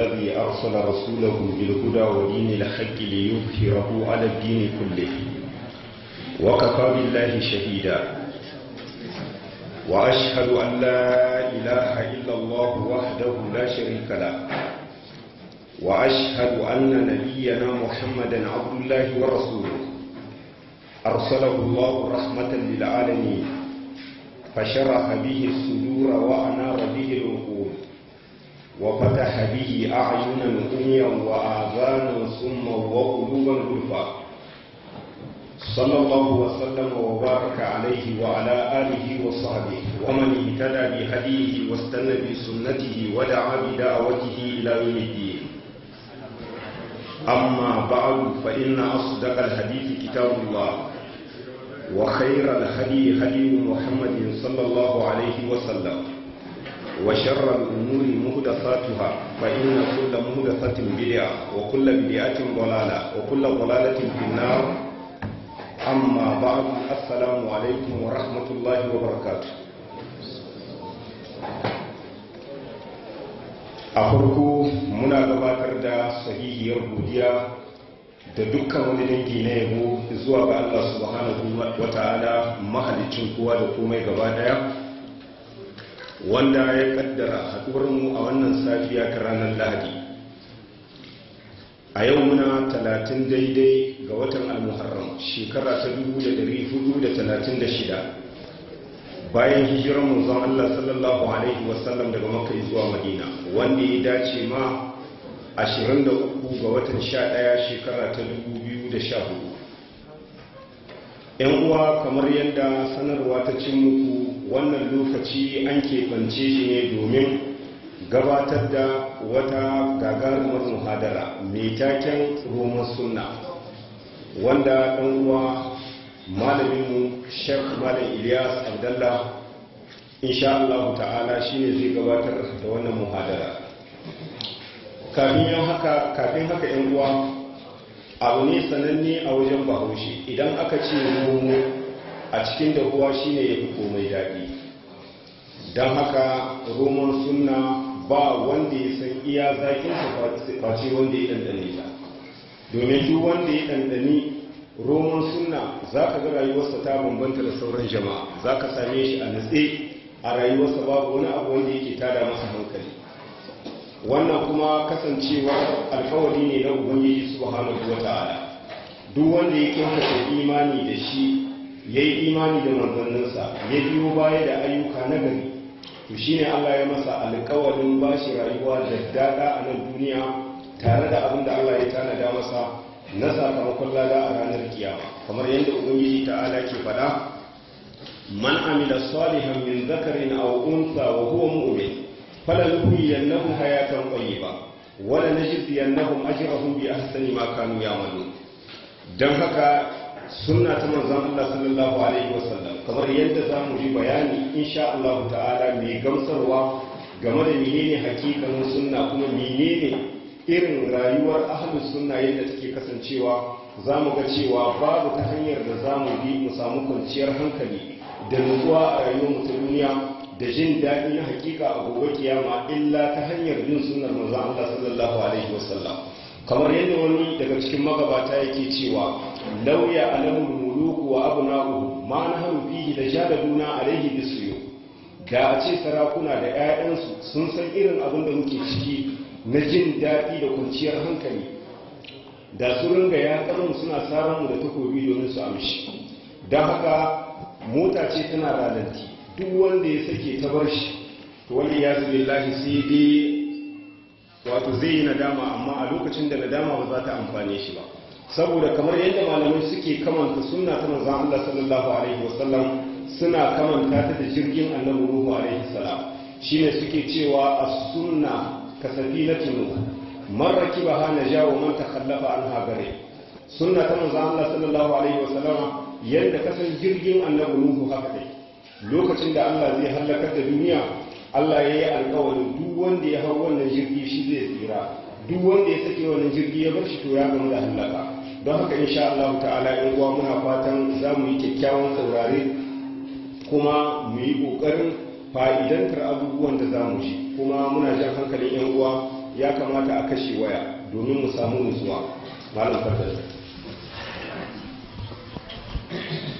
الذي أرسل رسوله بالهدى ودين الحق ليظهره على الدين كله وكفى بالله شهيدا وأشهد أن لا إله إلا الله وحده لا شريك له وأشهد أن نبينا محمدا عبد الله ورسوله أرسله الله رحمة للعالمين فشرح به الصدور وأنار به العقول وفتح به أعينا عميا وآذانا ثم وقلوبا غلفا صلى الله وسلم وبارك عليه وعلى آله وصحبه ومن اهتدى بهديه واستنى بسنته ودعا بدعوته إلى يوم الدين أما بعد فإن أصدق الحديث كتاب الله وخير الهدي هدي محمد صلى الله عليه وسلم وشر الأمور مهدفاتها فإن كل مهدفة بدعة وكل بدعة ضلالة وكل ضلالة في النار أما بعد السلام عليكم ورحمة الله وبركاته a farko muna gabatar da sahihiyar godiya da dukkan wani dangi na yabo zuwa ga Allah subhanahu wa ta'ala mahalicin kowa da komai gaba ɗaya. wanda ya kaddara haɗuwar mu a wannan safiya ta ranar lahadi a yau muna talatin daidai ga watan al-muharram shekara ta 1436 bayan hijirar manzon Allah sallallahu alaihi wasallam daga makka zuwa madina wanda ya dace ma 23 ga watan 11 shekara ta 2014 yan uwa kamar yadda sanarwa ta cin muku wannan lokaci an keɓance shi ne domin gabatar da wata gagarumar muhadara mai taken roman sunna wanda ɗan uwa malaminmu shek malam ilyas abdallah insha Allah ta'ala shi ne zai gabatar da wannan muhadara kafin haka yan uwa abu ne sananne a wajen bahaushe idan aka ce romo a cikin da dahuwa shine ya fi komai daɗi don haka roman suna ba wanda ya san iya su face wanda ya ɗanɗane ta domin duk wanda ya ɗanɗani roman suna za ka ga rayuwarsa ta bambanta da sauran jama'a za ka same shi a natse a rayuwarsa babu wani abu wanda yake tada masa hankali wannan kuma kasancewar alkawari ne na ubangiji wa ta'ala duk wanda ya kyautata imani da shi ya yi imani da manzanninsa ya biyo baya da ayyuka na gari to shine Allah ya masa alkawarin bashi rayuwa da dada a nan duniya tare da abin da Allah ya tanada masa na sakamakon lada a ranar kiyama kamar yadda ubangiji ta'ala ke faɗa man amila salihan min zakarin aw unsa wa huwa mu'min فلنحيينهم wala طيبة ajrahum bi ahsani ma kanu يعملون don haka sunna ta manzon Allah sallallahu alaihi wasallam kamar yadda za mu ji bayani insha Allah ta'ala mai gamsarwa game da menene hakikan sunna kuma menene irin rayuwar ahlus sunna yadda take kasancewa za mu ga cewa babu ta hanyar da za mu bi mu samu kwanciyar hankali da nutsuwa a rayuwar mu ta duniya da jin daɗi na hakika a gobe kiyama illa ta hanyar yin sunnar manzon Allah sallallahu alaihi wasallam kamar yadda wani daga cikin magabata yake cewa lauya alamul muluku wa abnahu ma nahum fihi da jadaduna alaihi bisuyu da a ce sarakuna da 'ya'yansu sun san irin abin da muke ciki na jin daɗi da kwanciyar hankali da su ringa ya suna mu da takobi domin su amshi Dan haka mota ce tana ralanti duk wanda ya sake ta bar shi to wani ya zubi lahi sai dai wato zai yi nadama amma a lokacin da nadama ba za ta amfani shi ba saboda kamar yadda malamai suke kamanta suna ta manzon Allah sallallahu alaihi wasallam suna kamanta ta da jirgin annabi ruhu alaihi salam shine suke cewa as-sunna kasafinatun man rakibaha hana jawo man takhallafa an gare sunna ta manzon Allah sallallahu alaihi wasallam yadda kasan jirgin annabi ruhu haka ne lokacin da Allah zai halakar da duniya Allah ya yi alkawarin duk wanda ya hau wannan jirgi shi zai tsira duk wanda ya sake wannan jirgi ya bar shi to ya gama da halaka don haka insha Allah ta'ala in uwa muna fatan za mu yi kyakkyawan saurare kuma mu yi ƙoƙarin fa'idantar abubuwan da za mu ji kuma muna jan hankalin yan uwa ya kamata a kashe waya domin mu samu nutsuwa malam you.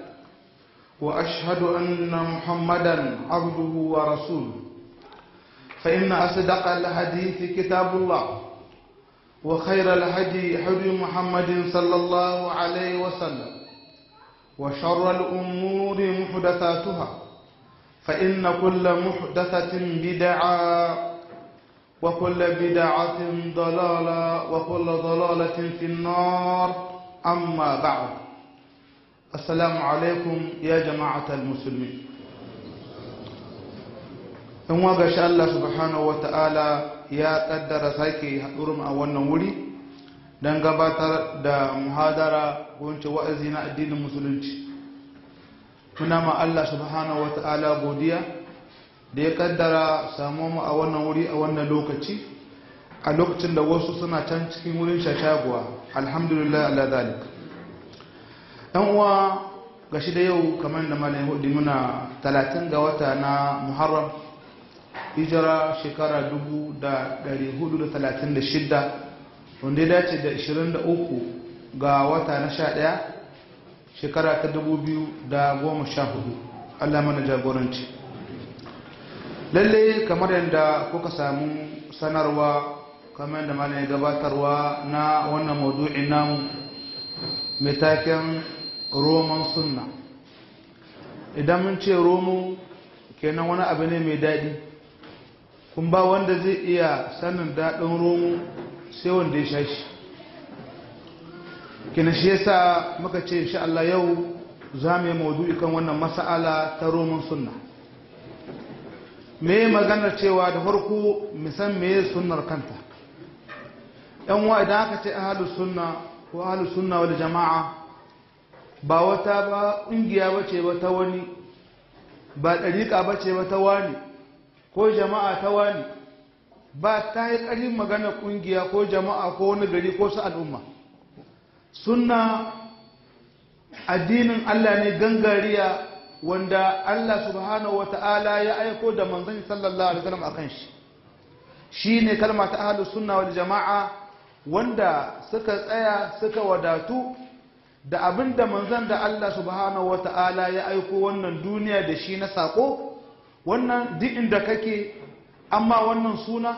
واشهد ان محمدا عبده ورسوله فان اصدق الحديث كتاب الله وخير الهدي هدي محمد صلى الله عليه وسلم وشر الامور محدثاتها فان كل محدثه بدعه وكل بدعه ضلاله وكل ضلاله في النار اما بعد السلام alaikum ya جماعة musulmi in waga الله Allah وتعالى wa ta'ala ya kaddara sake haɗurum a wannan wuri gabatar da muhadara wance wa'azi na addinin musulunci muna ma Allah subhanahu wa ta'ala godiya da ya kaddara samu mu a wannan wuri a wannan lokaci a lokacin da wasu suna can cikin wurin shashaguwa alhamdulillah ala zalik yan uwa shi da yau kamar da malayin hudu muna talatin ga wata na muharram hijira shekara 436 wanda ya dace da uku ga wata na 11 shekara ta 2014 allah mana jagoranci lalle kamar yadda kuka samu sanarwa kamar yadda malayin gabatarwa na wannan maudu'in namu mai taken roman sunna idan mun ce romo kenan wani abu ne mai daɗi kun ba wanda zai iya sanin daɗin romo sai wanda ya shashi kina shi yasa muka ce insha Allah yau za mu yi maudu ikan wannan mas'ala ta roman sunna me maganar cewa da farko mu san me sunnar kanta yan wa idan aka ce ahalus sunna ko ahalus sunna wal jama'a ba wata ba ƙungiya ba ce ba ta wani ba ɗariƙa ba ce ba ta wani ko jama'a ta wani ba ta yi ƙarin magana ƙungiya ko jama'a ko wani gari ko su al'umma sunna addinin Allah ne gangariya wanda Allah subhanahu wa ta'ala ya aiko da manzan sallallahu alaihi wasallam kan shi Shi ne ta ahalus sunna wal jamaa wanda suka tsaya suka wadatu da abin da manzan da Allah subhanahu wa ta'ala ya aiko wannan duniya da shi na sako? wannan duk inda kake amma wannan suna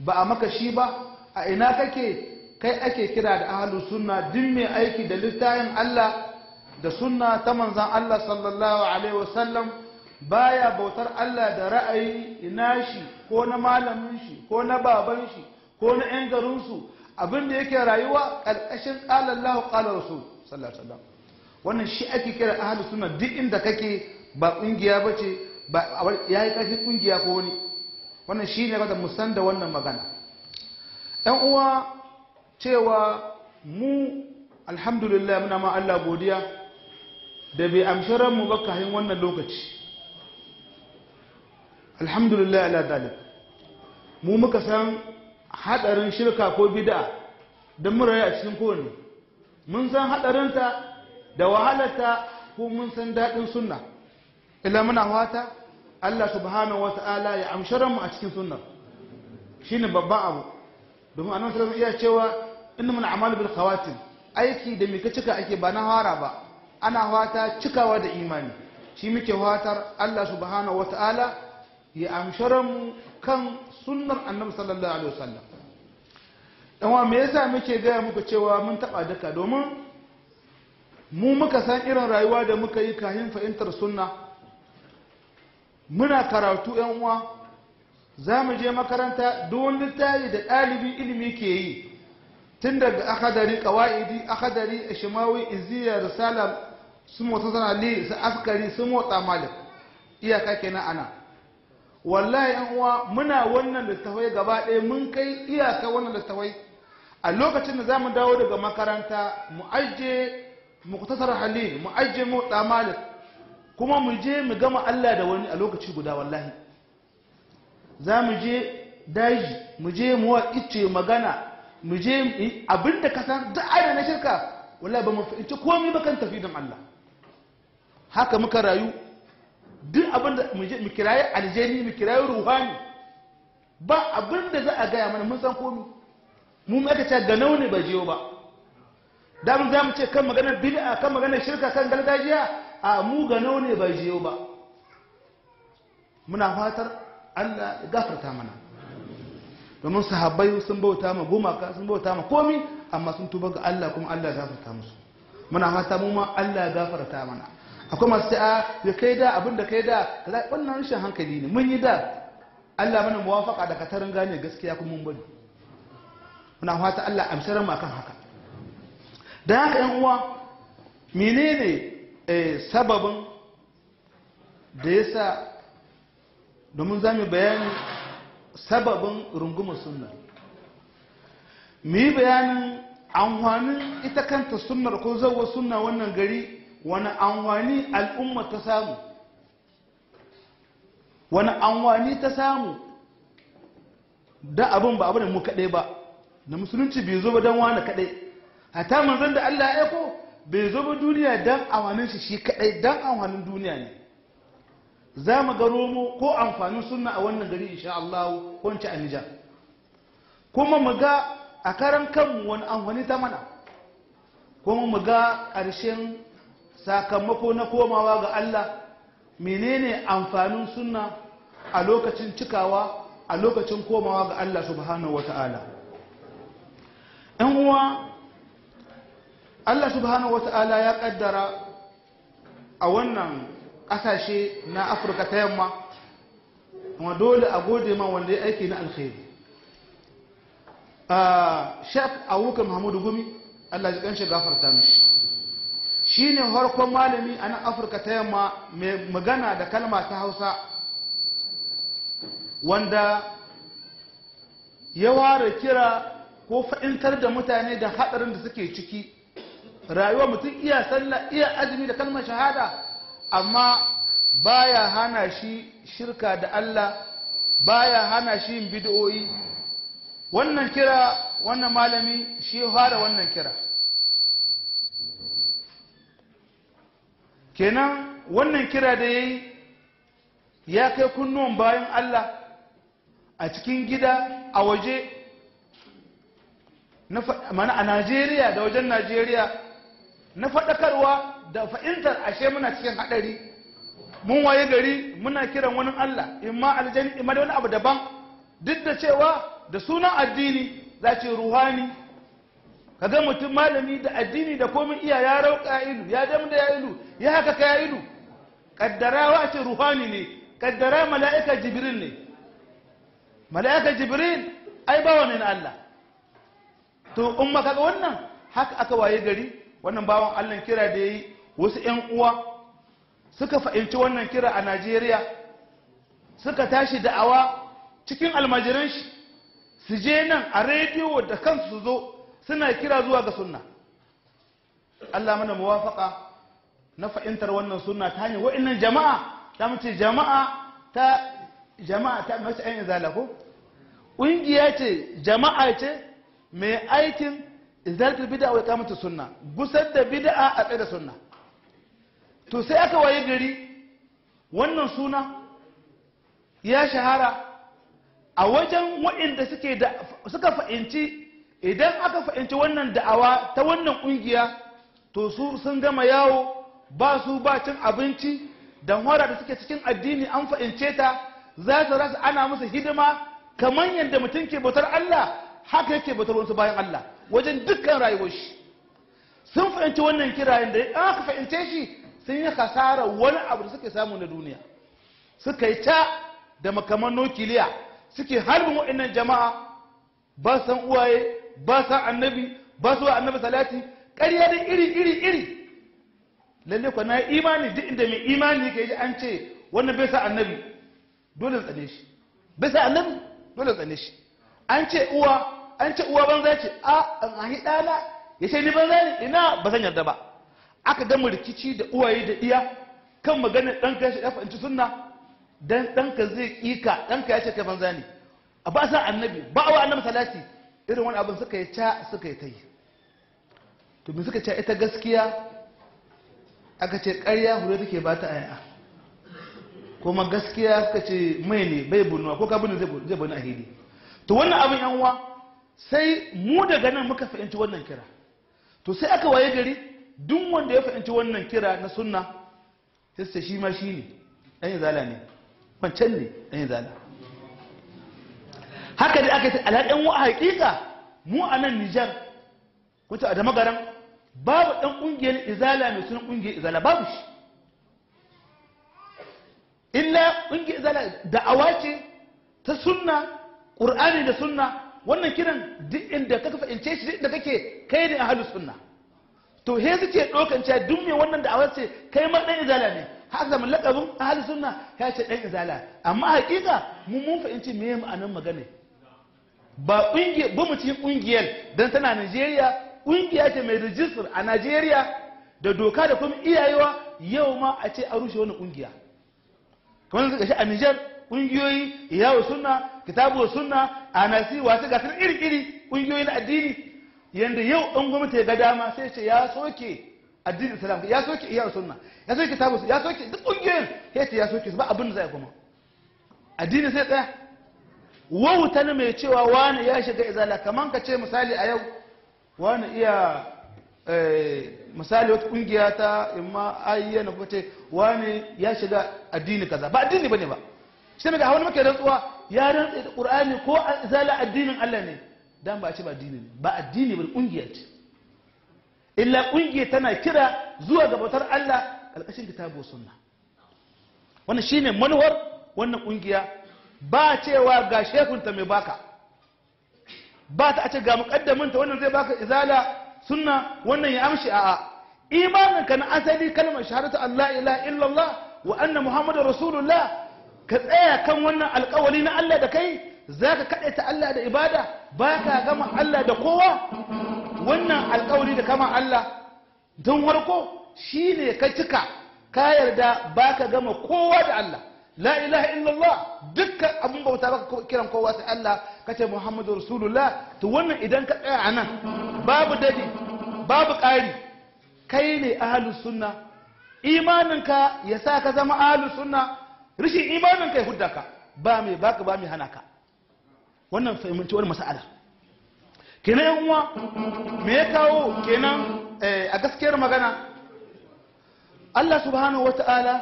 ba a maka shi ba a ina kake kai ake kira da ahalus sunna duk mai aiki da littafin Allah da sunna ta manzan Allah sallallahu alaihi wasallam baya bautar Allah da ra'ayi ina shi ko na malamin shi ko na baban shi ko na 'yan su abin da yake rayuwa ƙarƙashin Allahu qala rasul sallallahu alaihi wannan shi ake kira ahlus sunna duk inda kake ba kungiya bace ba yayi kafi kungiya ko wani wannan ne kada mu san da wannan magana ɗan uwa cewa mu alhamdulillah muna ma Allah godiya da bai amshi mu ba kayan wannan lokaci alhamdulillah ala dalib mu muka san hadarin shirka ko bid'a don murayi a cikin kowane mun san haɗarinta da wahalarta ko mun san daɗin sunna illa muna fata Allah subhanahu wata'ala ya amsharan mu a cikin sunna shine babban abu domin annabi sallallahu alaihi iya cewa innamal a'malu bil khawatim aiki da mika cika ake ba na hara ba ana fata cikawa da imani shi muke fatar Allah subhanahu wata'ala ya amsharan mu kan sunnar annabi sallallahu alaihi wasallam ɗanwa me yasa muke gaya muku cewa mun taɓa daka domin mu muka san irin rayuwa da muka yi kayan fahimtar sunna muna karatu yan uwa za mu je makaranta don littafi da ɗalibi ilimi ke yi tun daga akadari ƙawa'idi akadari ishimawi iziya salam su motsa sanali su askari su motsa malik iyaka kenan ana wallahi yan uwa muna wannan littafai gaba ɗaya mun kai iyaka wannan littafai a lokacin da za mu dawo daga makaranta mu aje muktasar halil mu aje mu malik kuma mu je mu gama Allah da wani a lokaci guda wallahi za mu je daji mu je mu wa ice magana mu je abinda ka san duk aina na shirka wallahi ba mu fahimci komai ba kan tafi don Allah haka muka rayu duk abinda mu je mu kirayi aljani mu kirayi ruhani ba abinda za a gaya mana mun san komai mu aka ce ga nauni ba jiyo ba da za mu ce kan maganar bid'a kan maganar shirka kan gargajiya a mu ga nauni ba jiyo ba muna fatar Allah ya gafarta mana domin sahabbai sun bauta ma gumaka sun bauta ma komi amma sun tuba ga Allah kuma Allah ya gafarta musu muna fata mu ma Allah ya gafarta mana akwai masu ta'a ya kai da abin da kai da wannan rashin hankali ne mun yi da Allah mana muwafaka da katarin gane gaskiya kuma mun bari muna fata Allah amsarar mu akan haka da haka yan uwa menene eh, sababin da yasa domin zamu bayani sababin rungumar sunna mu yi bayanin amfanin ita kanta sunnar ko zawo sunna wannan gari wani amfani al'umma ta samu wani amfani ta samu da abin ba abin mu kaɗai ba na musulunci bai zo ba don wani kadai hata manzon da Allah ya ko bai zo ba duniya don awanin shi shi kadai don awanin duniya ne za mu ga romo ko amfanin sunna a wannan gari insha Allah ko a Nijar kuma mu ga a karan kanmu wani amfani ta mana kuma mu ga ƙarshen sakamako na komawa ga Allah menene amfanin sunna a lokacin cikawa a lokacin komawa ga Allah subhanahu wata'ala ‘yan uwa Allah subhanahu ta'ala ya kaddara a wannan ƙasashe na afirka ta yamma kuma dole a gode ma wanda ya aiki na alkhairi a ah, awuka muhammadu gumi Allah ji kanshi gafarta mishi shi ne harkon malami a nan afirka ta yamma mai magana da kalma ta hausa wanda ya ware kira ko fa'intar da mutane da haɗarin da suke ciki rayuwa mutum iya sallah iya azumi da kalmar shahada amma baya hana shi shirka da Allah baya hana shi yin bid'o'i wannan kira wannan malami shi fara wannan kira kenan wannan kira da yayi ya kai kunnuwan bayan Allah a cikin gida a waje mana a najeriya da wajen najeriya na faɗakarwa da fahimtar ashe muna cikin haɗari mun waye gari muna kiran wani allah imma aljani imma da wani abu daban duk da cewa da sunan addini za ce ruhani kaga mutum malami da addini da komai iya ya rauka ilu ya damu da ya ilu ya haka ka ya ilu wa ce ruhani ne kaddara mala'ika jibril ne mala'ika jibril ai bawa ne na allah to in maka ga wannan haka aka waye gari wannan bawan allah kira da ya yi wasu 'yan uwa suka fahimci wannan kira a najeriya suka tashi da'awa cikin almajiran shi su je nan a rediyo da kansu su zo suna kira zuwa ga sunna allah mana muwafaka na fahimtar wannan sunna ta hanyar wa'annan jama'a ta mace jama'a ta jama'a ta mace ayin zalako ƙungiya ce jama'a ce mai aikin izalatul bid'a wa iqamatu sunna gusar da bid'a a tsaye da sunna to sai aka waye gari wannan suna ya shahara a wajen waɗanda suke da suka fa'inci idan aka fa'inci wannan da'awa ta wannan ƙungiya to su sun gama yawo ba su ba cin abinci dan hora da suke cikin addini an fa'ince ta za su rasa ana musu hidima kamar yadda mutum ke bautar Allah haka yake batar wasu bayan Allah wajen dukkan rayuwar shi sun fahimci wannan kirayen da an aka fahimce shi sun yi kasara wani abu da suke samu na duniya suka yi ta da makaman nukiliya suke halin waɗannan jama'a ba san uwaye ba san annabi ba su annabi salati ƙarya da iri iri iri lalle kwa na imani duk inda mai imani ke ji an ce wannan bai sa annabi dole tsane shi bai sa annabi dole tsane shi an ce uwa an ce uwa banza ce a an dana ɗana ya ce ni banza ne ina ba zan yarda ba aka gama rikici da uwaye da iya kan maganar ɗanka shi ya fahimci sunna dan ɗanka zai ƙika ɗanka ya ce kai banza ne a ba sa annabi ba wa annabi salati irin wani abin suka yi ca suka yi ta yi to me suka ce ita gaskiya aka ce ƙarya hure take ba ta aya kuma gaskiya suka ce mai ne bai bunuwa ko ka bunu zai bunu a hili to wannan abin yan uwa sai mu daga nan muka fahimci wannan kira to sai aka waye gari duk wanda ya fahimci wannan kira na sunna sai shi ma shi ne dan izala ne wancan ne dan izala haka da aka ce alhaƙin wa haƙiƙa mu a nan Nijar kuta a damagaran babu ɗan ƙungiyar izala mai sunan ƙungiyar izala babu shi illa ƙungiyar izala da'awa ce ta sunna ƙur'ani da sunna wannan kiran duk inda ka fahimce shi da kake kai ne ahlus sunna to he suke dokan cewa duk mai wannan da awace kai ma dan izala ne haka zaman lakabin ahlus sunna ya ce dan izala amma hakika mu mun fahimci me ma'anar magana ba kungiya ba mu cikin kungiyar dan tana Najeriya kungiya ce mai rijistar a Najeriya da doka da kuma iyayewa yau ma a ce a rushe wani kungiya kamar suka shi a Nijar kungiyoyi iyawo sunna kitabu sunna anasi wasu gasar iri-iri ƙungiyoyin addini yadda yau ɗan gwamnati ga dama sai ce ya soke addinin islam ya soke iya sunna ya soke sabus ya soke duk ƙungiyoyin ya ce ya soke su ba abin da za a kuma addini sai tsaya wauta na mai cewa wani ya shiga izala kamar ka ce misali a yau wani iya eh, misali wata ƙungiya ta imma ayyana ko ce wani ya shiga addini kaza ba addini bane ba shi ne ga hawan maka rantsuwa ya rantsa da qur'ani ko azala addinin Allah ne dan ba a ce ba addini ne ba addini ba kungiya ce illa kungiya tana kira zuwa ga bautar Allah alƙashin kitabu sunna wannan shine manuwar wannan kungiya ba cewa ga shekunta mai baka ba ta a ce ga mukaddamin ta wannan zai baka izala sunna wannan ya amshi a'a imanin ka na asali kalmar shahadatu Allah ilaha illallah wa anna muhammadar rasulullah ka tsaya kan wannan alkawari na Allah da kai za ka kaɗe ta Allah da ibada ba ka gama Allah da kowa wannan alkawari da kama Allah don warko shi ne ka cika ka yarda ba ka gama kowa da Allah la ilaha illallah dukkan abin bauta baka kiran kowa sai Allah ce Muhammadu Rasulullah to wannan idan ka tsaya a nan babu dadi babu ƙari kai ne ahlus sunna imaninka ya sa ka zama ahlus sunna rashin imanin kai hudda ka ba mai baka ba mai hana ka wannan fahimci wani masa'ala kenan yan uwa me ya kawo kenan eh, a gaskiyar magana Allah subhanahu wata'ala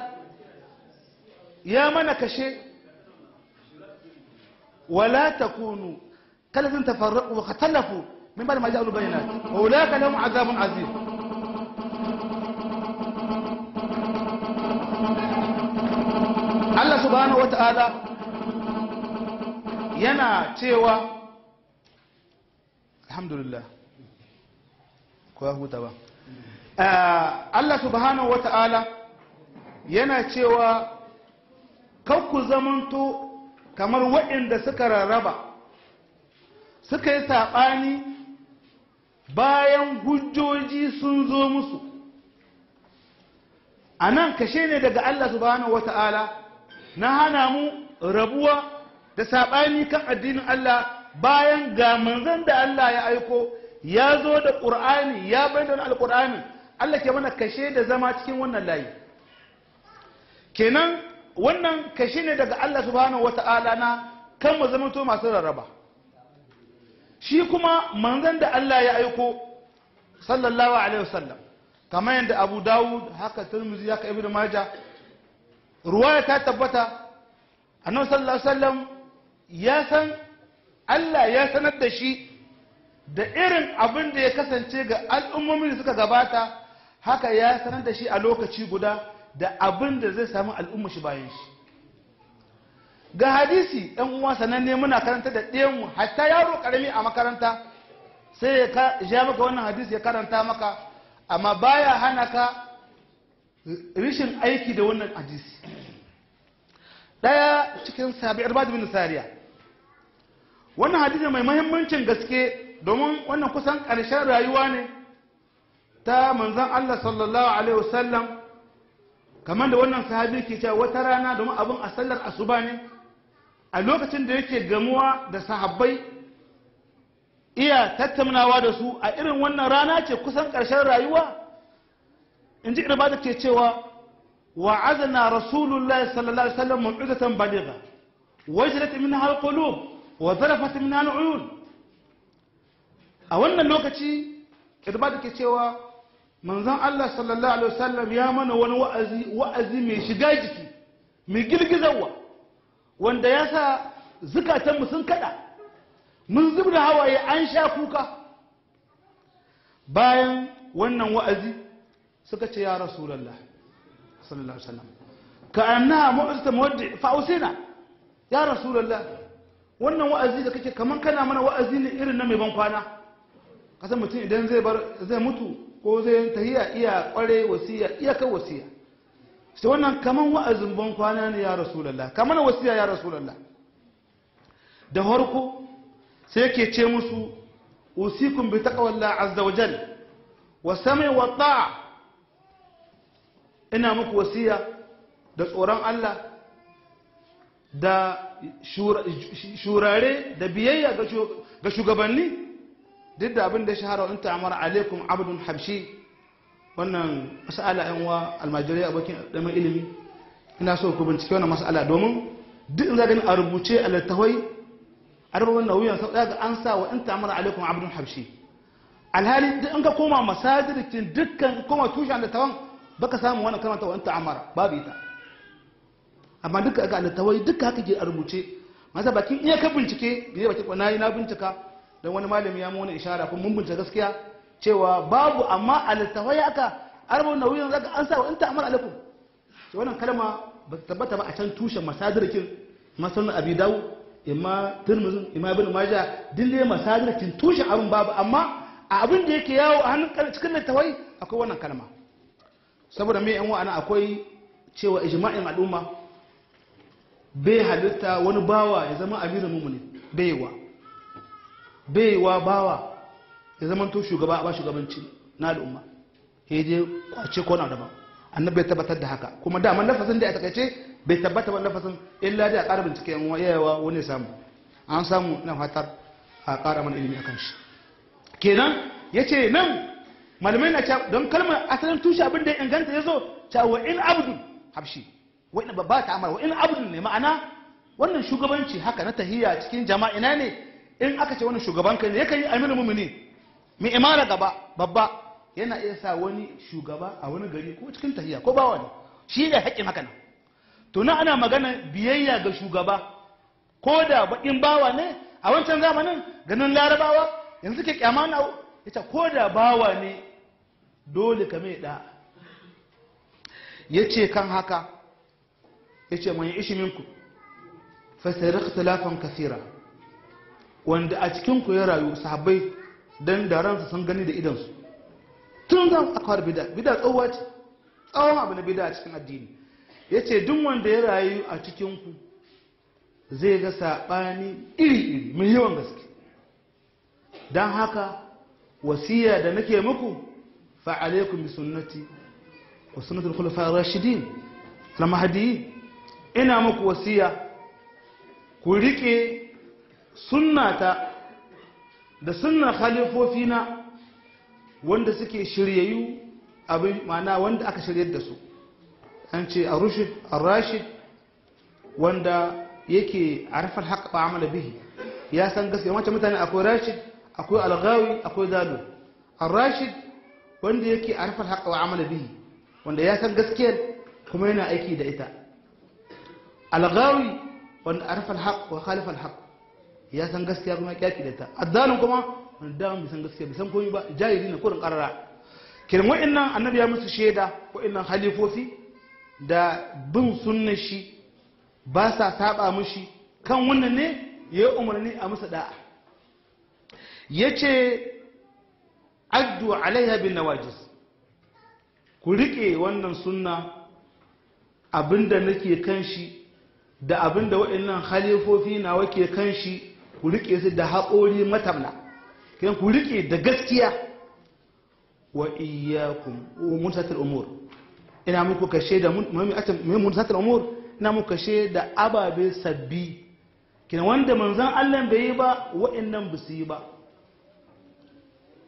ya mana kashe wala takunu kalatin tafarraqu wa khatalafu min ba'd ma ja'u bayyinat wa ulaka lahum azabun azim subhanahu wata'ala yana cewa alhamdulillah ko ya huta ba eh, Allah subhanahu wata'ala yana cewa ku zamanto kamar waɗanda suka rarraba suka yi saɓani bayan hujjoji sun zo musu a nan kashe ne daga Allah subhanahu wata'ala na hana mu rabuwa da saɓani kan addinin Allah bayan ga manzon da Allah ya aiko ya zo da ƙur'ani ya bayyana alƙur'ani Allah ke mana kashe da zama cikin wannan layi kenan wannan kashe ne daga Allah subhanahu wata'ala na kan mu to masu rarraba shi kuma manzon da Allah ya aiko sallallahu alaihi wasallam kamar yadda Abu Dawud haka Tirmidhi haka Ibn Majah ruwaya ta tabbata annabi sallallahu alaihi wasallam ya san Allah ya sanar da shi da irin abin da ya kasance ga al'ummomin da suka gabata haka ya sanar da shi a lokaci guda da abin da zai samu al'umma shi bayan shi ga hadisi ɗan uwa sananne muna karanta da ɗayan mu hatta yaro karami a makaranta sai ya ja maka wannan hadisi ya karanta maka amma baya hana ka rishin aiki da wannan hadisi daya cikin sabi arbad bin sariya wannan hadisi mai muhimmancin gaske domin wannan kusan ƙarshen rayuwa ne ta manzan Allah sallallahu alaihi wasallam kamar da wannan sahabi ke cewa wata rana domin abin a sallar asuba ne a lokacin da yake gamuwa da sahabbai iya tattaunawa da su a irin wannan rana ce kusan ƙarshen rayuwa in ji ke cewa وعدنا رسول الله صلى الله عليه وسلم موعظة بليغة وجلت منها القلوب وذرفت منها العيون أولنا لوكتي إذا بعد كتيوا من ذا الله صلى الله عليه وسلم يا من وأن وأزي وأزي من شجاجتي من قل قذوة وأن دياسا زكاة مسن كذا من زبل هوا يا أنشا فوكا باين وأن وأزي سكتي يا رسول الله صلى الله عليه وسلم كأنها مودع فأوصينا يا wannan wa'azi da kake kaman kana mana wa'azi ne irin na mai ban kwana kasan mutum idan zai bar zai mutu ko zai tahiya iya kware iya kai wasiya sai wannan kaman wa'azin ban kwana ne ya kamar kaman wasiya ya lalla. da harko sai yake ce musu usikum bi ta azza wa wa ina muku wasiya da tsoron Allah da shurare da biyayya ga shugabanni duk da abin da ya shahara in ta'amar alaikum abdun habshi wannan mas'ala yan wa almajirai abokin ɗaman ilimi ina so ku bincike wannan mas'ala domin duk in zagani a rubuce a littawai a na wuyan sau ga an sa wa in ta'amar alaikum abdun habshi alhali duk in ka koma masajirikin dukkan koma tushen da tawon baka samu wannan karanta wani ta'amara babu ita amma duka ga littawai duka haka ke a rubuce masa bakin iya ka bincike da ya baki kwana na bincika don wani malami ya mona ishara kuma mun bincika gaskiya cewa babu amma a littawai aka arba nauyi yanzu zaka an sa wa in ta'amara alaikum to wannan kalma ba ta tabbata ba a can tushen masadirkin masanin abi dawo imma turmuzin imma ibn majah dille masadirkin tushen abin babu amma a abin da yake yawo a hannun cikin littawai akwai wannan kalma saboda mai yan wa'ana akwai cewa ijma'in al'umma bai halitta wani bawa ya zama amirin mumuni baiwa baiwa bawa ya zama to shugaba a ba shugabanci na al'umma ya je kwace kona daban annabi ya tabbatar da haka kuma dama lafazin da ya takaice bai tabbata ba lafazin illa da a ƙara bincike yan yawa wani samu an samu na fatar a ƙara mana ilimi akan shi kenan ya ce nan malamai na cewa don kalmar asalin tushe abin da ya inganta ya zo cewa wa in abdu habshi wa in babba ta amara wa in abdu ne ma'ana wannan shugabanci haka na tahiyya cikin jama'a ina ne in aka ce wannan shugaban kai ne yakan yi aminu mumini mai imara gaba babba yana iya sa wani shugaba a wani gari ko cikin tahiyya ko bawa ne shi ne haƙƙin haka nan to na ana magana biyayya ga shugaba ko da baƙin bawa ne a wancan zamanin ganin larabawa yanzu ke kyamana ita ko da bawa ne dole ka mai da ya ce kan haka ya ce mai ishi minku fasari kasira wanda a cikinku ya rayu sahabbai don da sun gani da idansu tun zan akwar bida bida tsawo ce tsawon abu na bida a cikin addini ya ce duk wanda ya rayu a cikinku zai ga saɓani iri-iri mai yawan gaske don haka wasiya da nake muku fa alaikum bi sunnati wa sunnatul khulafa'ir rashidin la mahdi ina muku wasiya ku rike sunnata da sunna khalifofina wanda suke shiryayu abin ma'ana wanda aka shiryar da su an ce a rushid a rashid wanda yake a rafar haƙa ba amala bihi ya san gaskiya wancan mutane akwai rashid akwai alghawi akwai zalu arrashid rashid wanda yake arfar haqqa wa amala bihi wanda ya san gaskiyar kuma yana aiki da ita alghawi wanda arfar al-haqq wa khalafa alhaq ya san gaskiya kuma ya kyaki da ita adzalim kuma wanda da bai san gaskiya bai san komai ba jahili ne kurin karara kiran wa'annan annabi ya musu shaida wa'annan halifofi da bin sunnar shi ba sa saba mushi kan wannan ne ya umarni a musu da'a Ya ce addu alaiha bin nawajis ku riƙe wannan sunna abinda nake kan shi da abinda waɗannan halifofi na wake kan shi ku riƙe su da haƙori matamna kan ku riƙe da gaskiya wa mun satar umur ina muku kashe da mutatul umur ina muku kashe da ababe sabbi kina wanda manzon Allah bai yi ba waɗannan ba su yi ba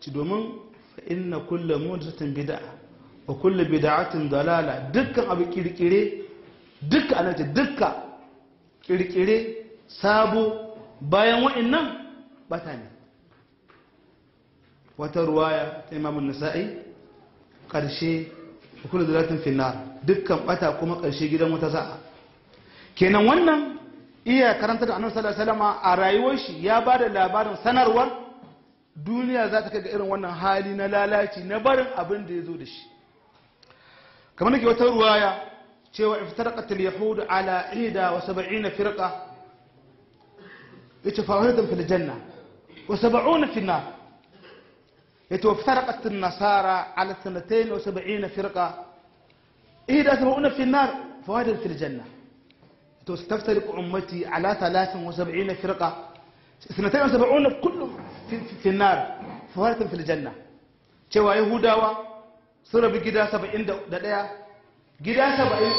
ci domin fa inna kulla muhdathatin bid'a wa kulla bid'atin dalala dukkan abu kirkire dukka anata dukka kirkire sabo bayan wa'annan bata ne wata ruwaya ta an nasa'i ƙarshe kullu dalatin finnar dukkan bata kuma ƙarshe gidan wata sa'a kenan wannan iya karanta da annabi sallallahu alaihi wasallam a rayuwar shi ya bada labarin sanarwar duniya za ta kaga irin wannan hali na lalaci na barin abin da ya zo da shi kamar nake wata ruwaya cewa iftarqat al-yahud ala 71 firqa yace fawahidan fil janna wa 70 fil nar yace iftarqat an-nasara ala 72 firqa 71 fi an-nar fawahidan fil janna to taftariq ummati ala 73 firqa اثنتين na كلهم في, في النار فوارة في الجنة cewa yahudawa sun rabi gida saba'in da ɗaya gida saba'in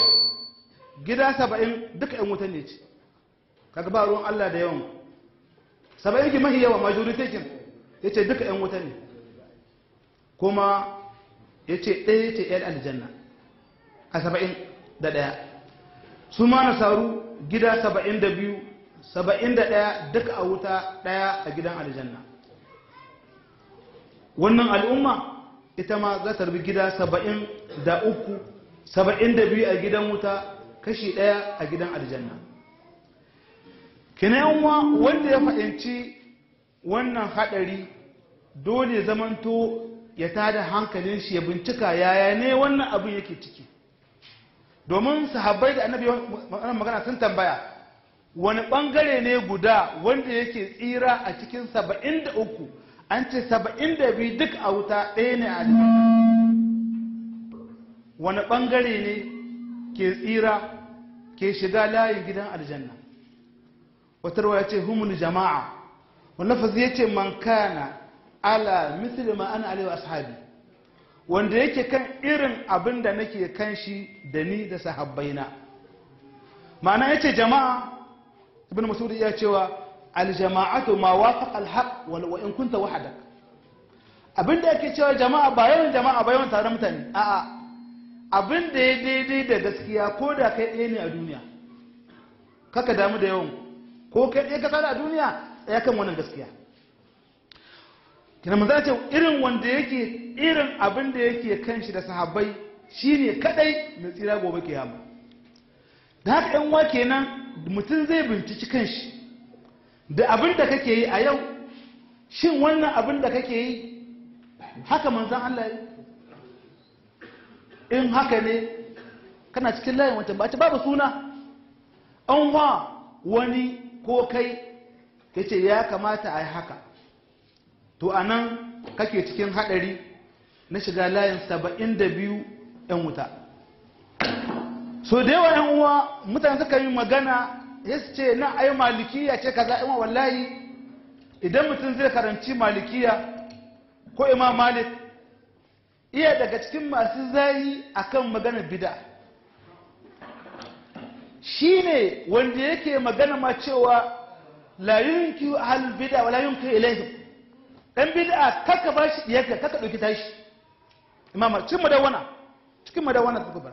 gida saba'in duka yan wutan ne ce kaga ba ruwan allah da yawan saba'in ki mahi yawa majoritekin ya ce duka yan wutan ne kuma ya ce ɗaya ce yan aljanna a saba'in da ɗaya su ma nasaru gida saba'in da biyu saba'in da ɗaya duk a wuta ɗaya a gidan aljanna wannan al'umma ita ma za ta rubi gida saba'in da uku saba'in da biyu a gidan wuta kashi ɗaya a gidan aljanna kina kinayenwa wanda ya fahimci wannan haɗari dole zamanto ya tada hankalin shi ya bincika yaya ne wannan abin yake ciki domin sahabbai da annabi magana sun tambaya wani bangare ne guda wanda yake tsira a cikin saba'in da uku an ce saba'in da biyu duk a wuta ɗaya ne a wani bangare ne ke tsira ke shiga layin gidan aljanna wata ya ce humul jama'a wani lafazi ya ce man kana ala misli ma ana ashabi wanda yake kan irin abin da nake kan shi da ni da sahabbaina ma'ana ya ce jama'a ibn masud ya cewa aljama'atu ma wafaqa alhaq wa in kunta wahdak abinda yake cewa jama'a ba yawan jama'a ba tare mutane a'a abinda ya daidai da gaskiya ko da kai ɗaya ne a duniya kaka damu da yawan ko kai ɗaya ka tsara a duniya ya kan wannan gaskiya kina manzo ce irin wanda yake irin abinda yake kan shi da sahabbai shine kadai mai tsira gobe kiyama da haka ɗan wake kenan mutum zai binciki kanshi da abin da kake yi a yau shin wannan abin da kake yi haka manzan Allah yi in haka ne kana cikin layin wancan ba babu suna an wa wani ko kai ka ce ya kamata a yi haka to a nan kake cikin haɗari na shiga layin saba'in da biyu 'yan wuta so da yawa yan uwa mutane suka yi magana ya su ce na ai malikiya ce kaza ima wallahi idan mutum zai karanci malikiya ko imam malik iya daga cikin masu zayi akan magana bida shine wanda yake magana ma cewa la yunki ahlul bid'a wa la yunki ilayhim dan bid'a kaka bashi diyarka kaka dauki tashi imam cikin madawana cikin madawana su ba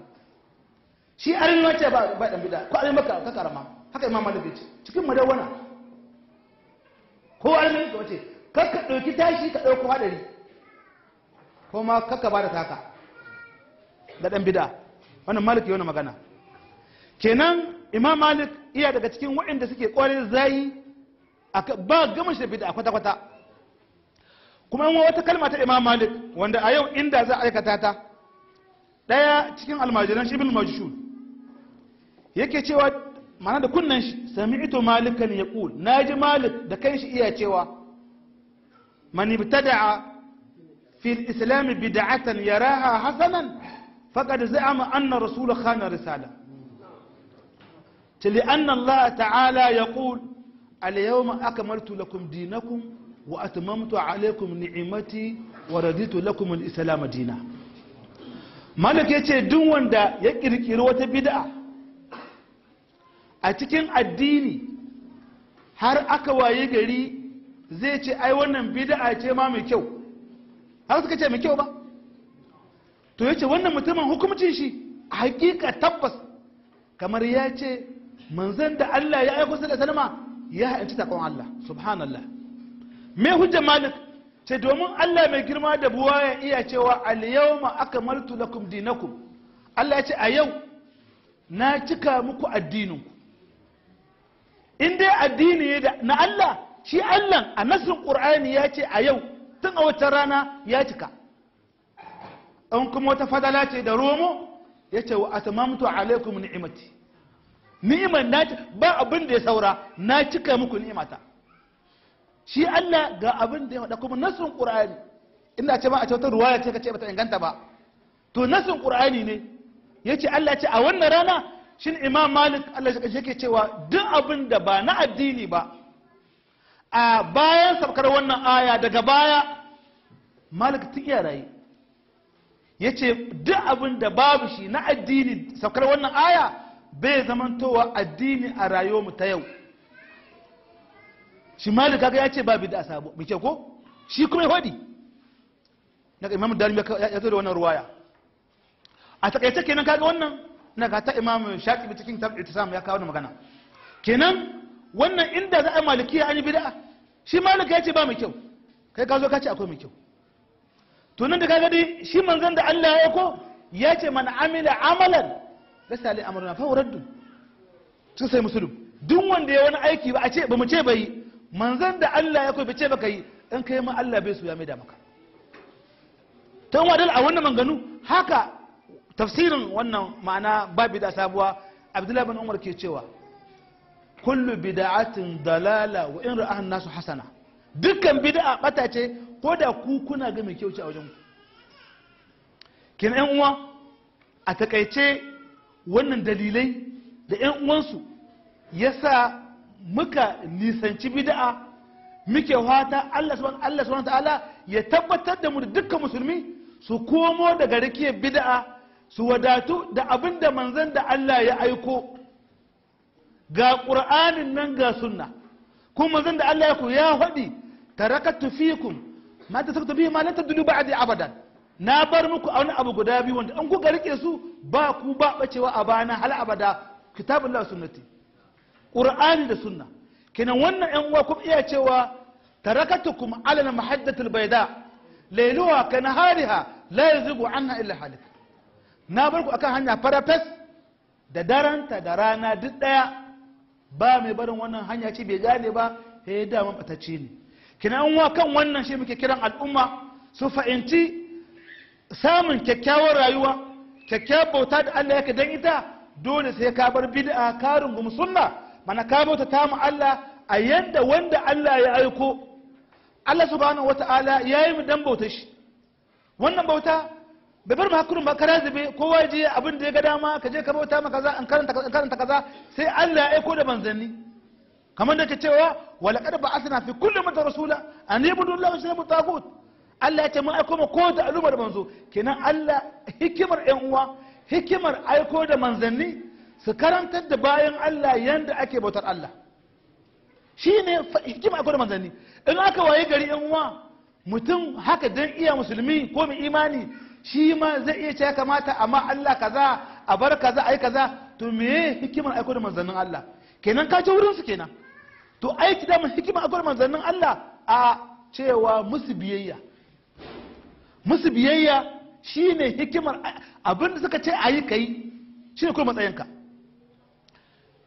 shi arin wace ba ba dan bid'a ko arin maka ka karama haka imam malik ce cikin madawana ko arin ka wace kakka dauki tashi ka dauko hadari ko ma kakka ba da taka ga dan bid'a wannan malik yana magana kenan imam malik iya daga cikin waɗanda suke ƙwarin zayi ba gama shi da bid'a kwata kwata kuma in wata kalma ta imam malik wanda a yau inda za a aikata ta ɗaya cikin almajiran shi ibn majshul yake cewa mana da kunnan shi sami'tu malikan yaqul naji malik da kan shi iya cewa man ibtada'a fi al-islam bid'atan yaraha hasanan faqad za'ama anna rasul khana risala لأن الله تعالى يقول اليوم أكملت لكم دينكم وأتممت عليكم نعمتي ورديت لكم الإسلام دينا مالك يتي دون وندا يكركر وتبدأ a cikin addini har aka waye gari zai ce ai wannan bid'a ce ma mai kyau har suka ce mai kyau ba to ya ce wannan mutumin hukumcin shi a hakika tabbas kamar ya ce manzan da Allah ya aiko da salama ya haɗanci takon Allah subhanallah me hujjar malik ce domin Allah mai girma da buwa ya iya cewa al-yawma akmaltu lakum dinakum Allah ya ce a yau na cika muku addininku in dai addini ne na Allah shi Allah a nasin Qur'ani ya ce a yau tun a wata rana ya cika in kuma wata fadala ce da romo ya ce wa atamamtu alaikum ni'imati ni'imar na ba abin da ya saura na cika muku ni'imata shi Allah ga abin da ya faɗa kuma nasin Qur'ani ina ce ba a ce wata ruwaya ce ka ce bata inganta ba to nasin Qur'ani ne yace Allah ce a wannan rana shin imam malik allah shi yake cewa duk abin da ba na addini ba a bayan sabkar wannan aya daga baya malik ta iya rayu. ya ce duk abin da babu shi na addini sabkar wannan aya bai zamantowa addini a rayuwarmu ta yau shi malik kaga ya ce ba da asabu mu ke ko shi kuma ya hodi na imam darimi ya zo da wannan ruwaya a takaice kenan kaga wannan na ga ta imamu shafi cikin samu ya kawo magana kenan wannan inda za a malikiya an yi bid'a shi malika ya ce ba mai kyau kai ka zo ka ce akwai mai kyau to nan da kaga dai shi manzon da Allah ya aiko ya ce man amila amalan lasa li amruna fa waraddu to sai musulun duk wanda ya wani aiki ba a ce ba mu ce bai manzon da Allah ya aiko bai ce ba kai in kai ma Allah bai su ya mai da maka Tan wadal a wannan manganu haka tafsirin wannan ma'ana ba bida sabuwa abdullahi bin umar ke cewa kullu bida'atin dalala wa in ra'a nasu hasana dukkan bid'a bata ce ko da ku kuna ga mai kyau a wajen ku kin uwa a takaice wannan dalilai da yan uwansu yasa muka nisanci bid'a muke fata Allah subhanahu Allah subhanahu ta'ala ya tabbatar da mu da dukkan musulmi su komo daga rikiyar bid'a su wadatu da abin da manzan da Allah ya aiko ga ƙur'anin nan ga sunna kuma manzan da Allah ya ku ya faɗi tarakatu fikum ma ta sabta biyu ma la tadullu ba'di abadan na bar muku a wani abu guda biyu wanda an kuka rike su ba ku ba bacewa a bana hal abada la sunnati ƙur'ani da sunna kenan wannan yan uwa kuma iya cewa tarakatukum alal al mahaddatil bayda lailuha ka nahariha la yazigu anha illa halik na bar ku akan hanya farafes da daranta da rana duk daya ba mai barin wannan hanya ce bai gane ba ya yi dama ɓatacce ne kina an kan wannan shi muke kiran al'umma su fahimci samun kyakkyawar rayuwa kyakkyawar bauta da Allah yake dan ita dole sai ka bar bid'a ka rungumi sunna mana ka bauta ta mu Allah a yanda wanda Allah ya aiko Allah subhanahu wata'ala ya yi mu dan bauta shi wannan bauta bai bar makarun ba kare zube kowa je abin da ya ga dama ka je ka bauta ma kaza an karanta kaza sai Allah ya aiko da manzanni kamar da ke cewa wala kad ba'athna fi kulli mata rasula an yabudu Allah wa shrabu tagut Allah ya ce mun aiko ma ko da al'umma da manzo kenan Allah hikimar ƴan uwa hikimar aiko da manzanni su karantar da bayan Allah yanda ake bautar Allah shine hikimar aiko da manzanni in aka waye gari ƴan uwa mutum haka dan iya musulmi ko mai imani shi ma zai iya cewa kamata amma Allah kaza a bar kaza ai kaza to me hikimar aiko da manzannin Allah kenan ka ce wurin su kenan to aiki da hikimar aiko da manzannin Allah a cewa musu biyayya musu biyayya shine hikimar abin da suka ce ayi kai shine kuma matsayinka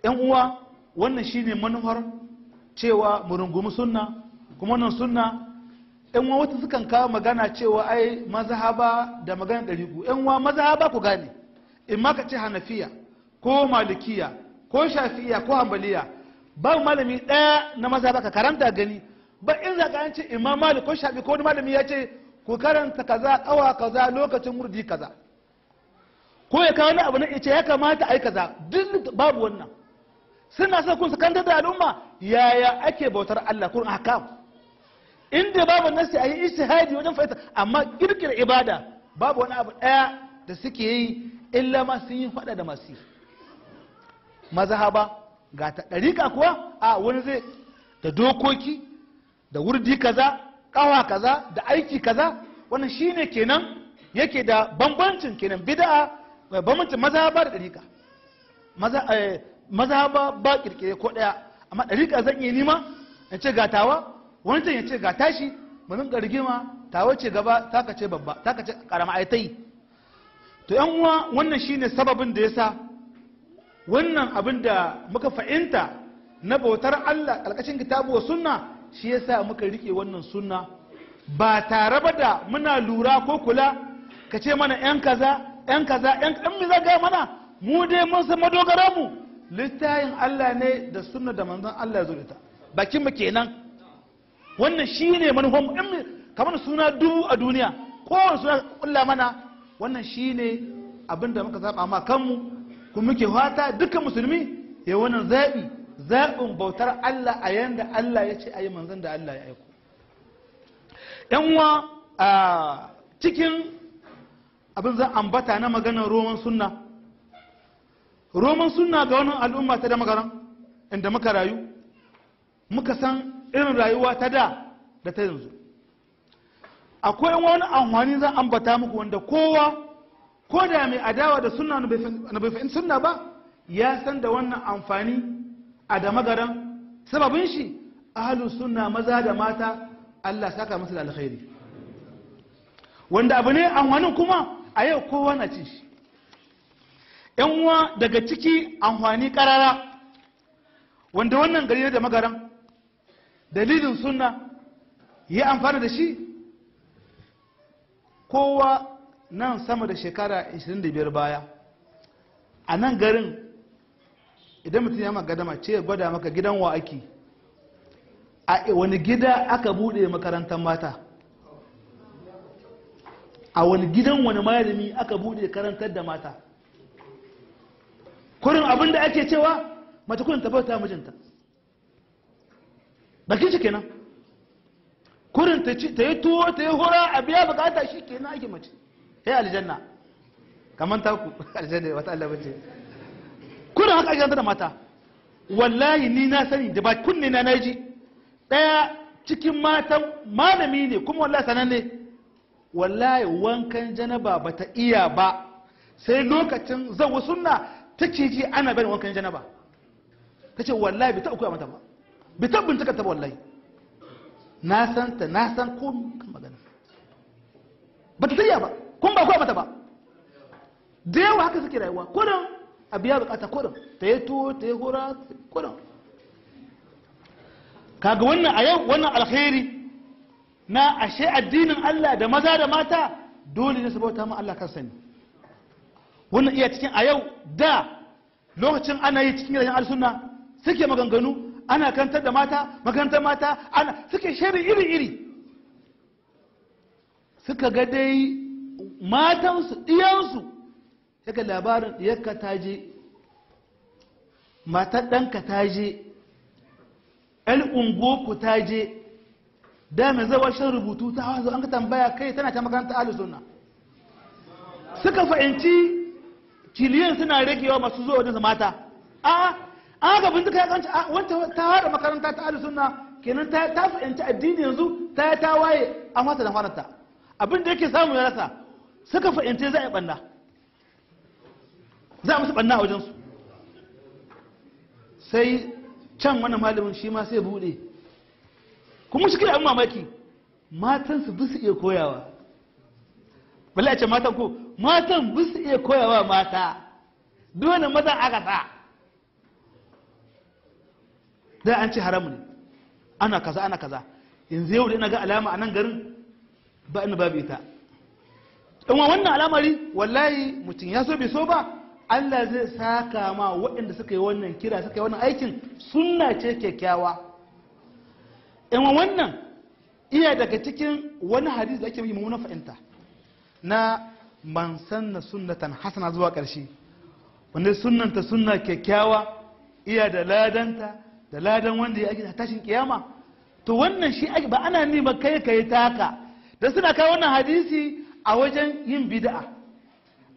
yan uwa wannan shine manufar cewa mu rungumi sunna kuma wannan sunna yan wata sukan kawo magana cewa ai mazhaba da magana ɗari ɗariku yan wa mazhaba ku gane in ma ka ce hanafiya ko malikiya ko shafiya ko hambaliya ba malami ɗaya na mazhaba ka karanta gani ba in za ka ce imam malik ko shafi ko malami ya ce ku karanta kaza ƙawa kaza lokacin wurdi kaza ko ya kawo wani abu na ice ya kamata a yi kaza duk babu wannan suna sa kun sakantar da al'umma yaya ake bautar Allah kun ka. inda babu nasi a yi hadi wajen fahimta amma kirkira ibada babu wani abu ɗaya da suke yi illa ma sun yi faɗa da masu mazahaba ga ta ɗarika kuwa a wani zai da dokoki da wurdi kaza ƙawa kaza da aiki kaza wani shine kenan yake da bambancin kenan bid'a bambancin mazahaba da ɗarika mazahaba eh, ba kirkire ko ɗaya amma ɗarika zan yi nima in ce gatawa wani ya ce ga tashi mu rinka rigima ta wace gaba ta ce babba ce karama ai tai to yan uwa wannan shine sababin da yasa wannan abin da muka fahimta na bautar Allah alƙashin kitabu wa sunna shi yasa muka rike wannan sunna ba tare ba da muna lura ko kula ka ce mana yan kaza yan kaza yan kan mi zaga mana mu dai mun san madogara mu littayin Allah ne da sunna da manzon Allah ya zo da ta bakin mu kenan wannan shine manufan kamar suna dubu a duniya kowane suna kulla mana wannan shine abin da muka zaɓa ma kanmu kuma muke fata dukkan musulmi ya wannan zaɓi zaɓin bautar Allah a yanda Allah ya ce a yi manzan da Allah ya aiko yan uwa a cikin abin zan ambata na maganar roman sunna roman sunna ga wani al'umma ta da inda muka rayu muka san irin rayuwa ta da da ta yanzu akwai wani amfani zan ambata muku wanda kowa ko da mai adawa da suna na bai fahimci sunna ba ya san da wannan amfani a da magaran sababin shi ahalu suna maza da mata Allah saka masu da alkhairi wanda abu ne amfanin kuma a yau kowa na ci shi yan uwa daga ciki amfani karara wanda wannan gari da magaran dalilin sunna yi amfani da shi kowa nan sama da shekara 25 baya a nan garin idan mutum ya magadama ce ya gwada maka gidan wa ake a wani gida aka bude makarantar mata a wani gidan wani malami aka bude karantar da mata kurin abin da ake cewa mace kurin ta mijinta bakin shi kenan kurin ta ci ta yi tuwo ta yi hura a biya bukata shi kenan ake mace sai aljanna kamar ku aljanna wata Allah bace kurin haka ake da mata wallahi ni na sani da ba kunne na naji daya cikin matan malami ne kuma wallahi sananne wallahi wankan janaba ba ta iya ba sai lokacin zan sunna ta ce ji ana bani wankan janaba ta ce wallahi bai ta uku mata ba bitan bincika ta wallahi na san ta na san ko kan magana ba ta shirya ba kun ba kuwa mata ba da yawa haka suke rayuwa kodan a biya bukata kodan ta yi tuwo ta yi hura kodin kaga wannan a yau wannan alkhairi na ashe addinin Allah da maza da mata dole ne su bauta ma Allah kan sani wannan iya cikin a yau da lokacin ana yi cikin rashin sunna suke maganganu ana kantar da mata makarantar mata ana suka shari iri-iri suka ga dai matansu ɗiyansu daga labarin ɗiyarka ta je matar ɗanka ta je ku ta je da mai zawa shan rubutu ta hawa an ka tambaya kai tana ta makaranta ahlus sunna suka fahimci kiliyan suna ragewa masu zuwa wajen mata a an ga bindiga ya kanci wanta ta haɗa makaranta ta alisun na kenan ta ta fahimci addini yanzu ta ta waye an fata da farata abin da yake samu ya rasa suka fahimci za a yi ɓanna za a musu ɓanna a wajensu sai can wani malamin shi ma sai buɗe kuma shi kai abin mamaki matan su bisu iya koyawa bala ce matan ko matan bisu iya koyawa mata dole maza aka sa da an ce haramu ne ana kaza ana kaza yanzu yau da ina ga alama a nan garin ba ina babu ita in wannan al'amari wallahi mutum ya so bai so ba Allah zai saka ma waɗanda suka yi wannan kira suka yi wannan aikin sunna ce kyakkyawa in wannan iya daga cikin wani hadisi da ake yi mummunan fahimta na man sanna sunnatan hasana zuwa ƙarshe wanda sunnanta sunna kyakkyawa iya da ladanta da ladan wanda ya aiki a tashin kiyama to wannan shi ba ana nema kai kai taka da suna kawo wannan hadisi a wajen yin bid'a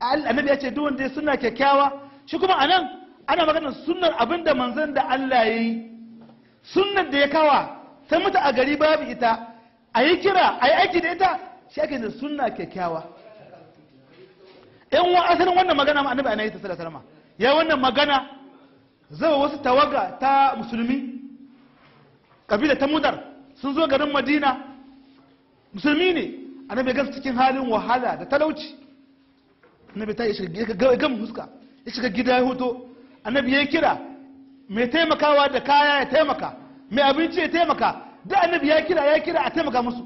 annabi ya ce duk wanda suna kyakkyawa shi kuma anan ana magana sunnar abinda manzon da Allah yayi sunnar da ya kawa ta mutu a gari babu ita a yi kira a yi aiki da ita shi ake da sunna kyakkyawa yan wa asalin wannan magana ma annabi annabi yi ta wasallam ya wannan magana Zaba wasu tawaga ta musulmi kabila ta mudar sun zo garin madina musulmi ne annabi gansu cikin halin wahala da talauci annabi ta shiga gam huska ya shiga gida ya hoto annabi ya kira mai taimakawa da kaya ya taimaka mai abinci ya taimaka da annabi ya kira ya kira a taimaka musu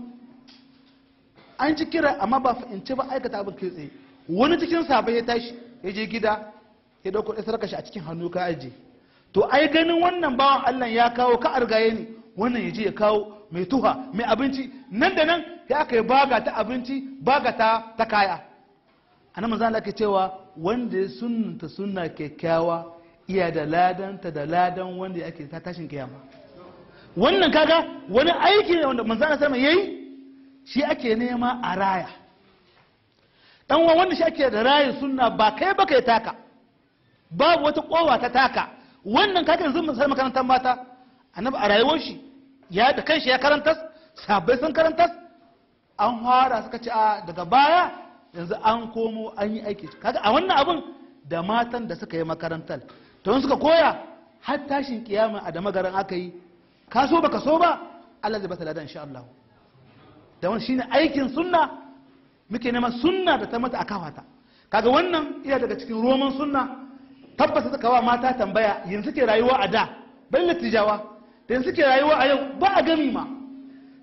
an ci kira amma ba fahimci ba aikata abin kai tsaye wani cikin sabai ya tashi ya je gida ya dauko ɗaya sarkashi a cikin hannu ka ajiye to ai ganin wannan bawan Allah ya kawo ka argaye ne wannan ya je ya kawo mai tuha mai abinci nan da nan ya aka yi baga ta abinci baga ta ta kaya annabi manzo Allah ke cewa wanda ya sunnanta sunna kyakkyawa iya da ladanta da ladan wanda ake ta tashin kiyama wannan kaga wani aiki ne wanda manzan Allah sama yi shi ake nema a raya dan wanda shi ake da raya sunna ba kai ba kai taka babu wata kowa ta taka wannan kaga yanzu misali makarantar mata annabi a rayuwar shi ya da kanshi ya karanta sabai sun karantar an fara suka ce a daga baya yanzu an komo an yi aiki kaga a wannan abun da matan da suka yi makarantar to suka koya har tashin kiyama a da magaran aka yi ka so baka so ba Allah zai bata ladan insha Allah da wannan shine aikin sunna muke neman sunna da ta mata a kafata kaga wannan iya daga cikin roman sunna Tabbasa suka wa mata tambaya yanzu ke rayuwa a da bari tijawa da yanzu ke rayuwa a yau ba a gami ma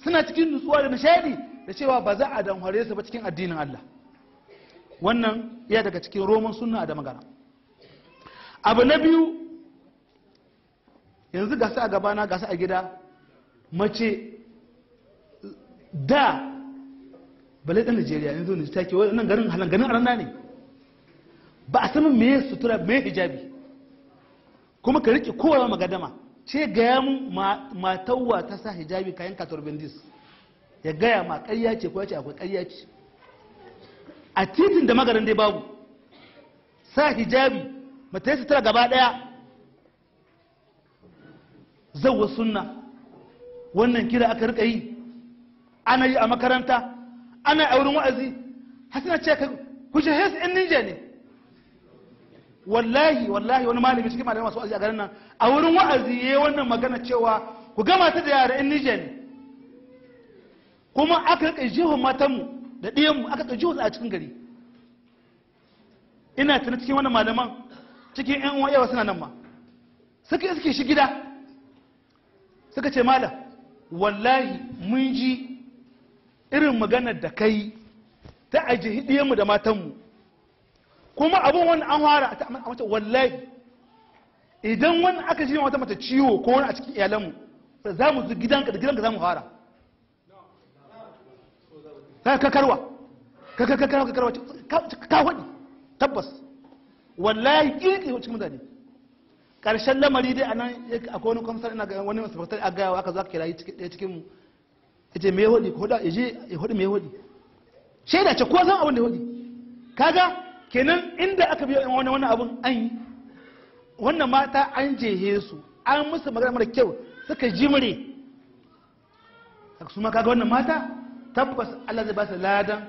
suna cikin nutsuwa da nishadi da cewa ba za a danhware su ba cikin addinin Allah wannan ya daga cikin roman sunna da magana abu na biyu yanzu gasa a gabana gasa a gida mace da balai ɗan Najeriya yanzu ne ke nan garin halan arna ne ba a sanin me sutura me hijabi kuma ka riƙe kowa magadama ce gaya mun matauwa ta sa hijabi kayan katar bendis ya gaya ma ƙarya ce ko ce akwai ƙarya ce a titin da magarin dai babu sa hijabi mata ya sutura gaba ɗaya zawwa sunna wannan kira aka rika yi ana yi a makaranta ana yi a wurin wa'azi hasina ce ka kushe hes in ninja ne wallahi wallahi wani malami cikin malamai masu wa'azi a garin nan a wurin wa'azi yayi wannan magana cewa ku gama ta da yara in Niger ne kuma aka rika jihun matanmu da ɗiyanmu aka rika jihun a cikin gari ina tuna cikin wani malaman cikin yan uwa yawa suna nan ma suka suke shi gida suka ce malam wallahi mun ji irin maganar da kai ta ajiye ɗiyanmu da matanmu kuma abin wani an hara a mata wallahi idan wani aka shi wata mata ciwo ko wani a cikin iyalanmu za mu zu gidanka da gidanka za mu fara ka karwa ka ka karwa ka karwa ka tabbas wallahi kirki cikin zane karshen lamari dai anan akwai wani kwamsar ina ga wani masarautar a gaya aka zaka kira ɗaya cikin mu ya ce me hodi ya hudu mai hudu shaida ce ko zan abin da hudu kaga kenan inda aka biyo wani wani abun an yi wannan mata an jehe su an musu magana mara kyau suka jimre su kaga wannan mata tabbas Allah zai ba su ladan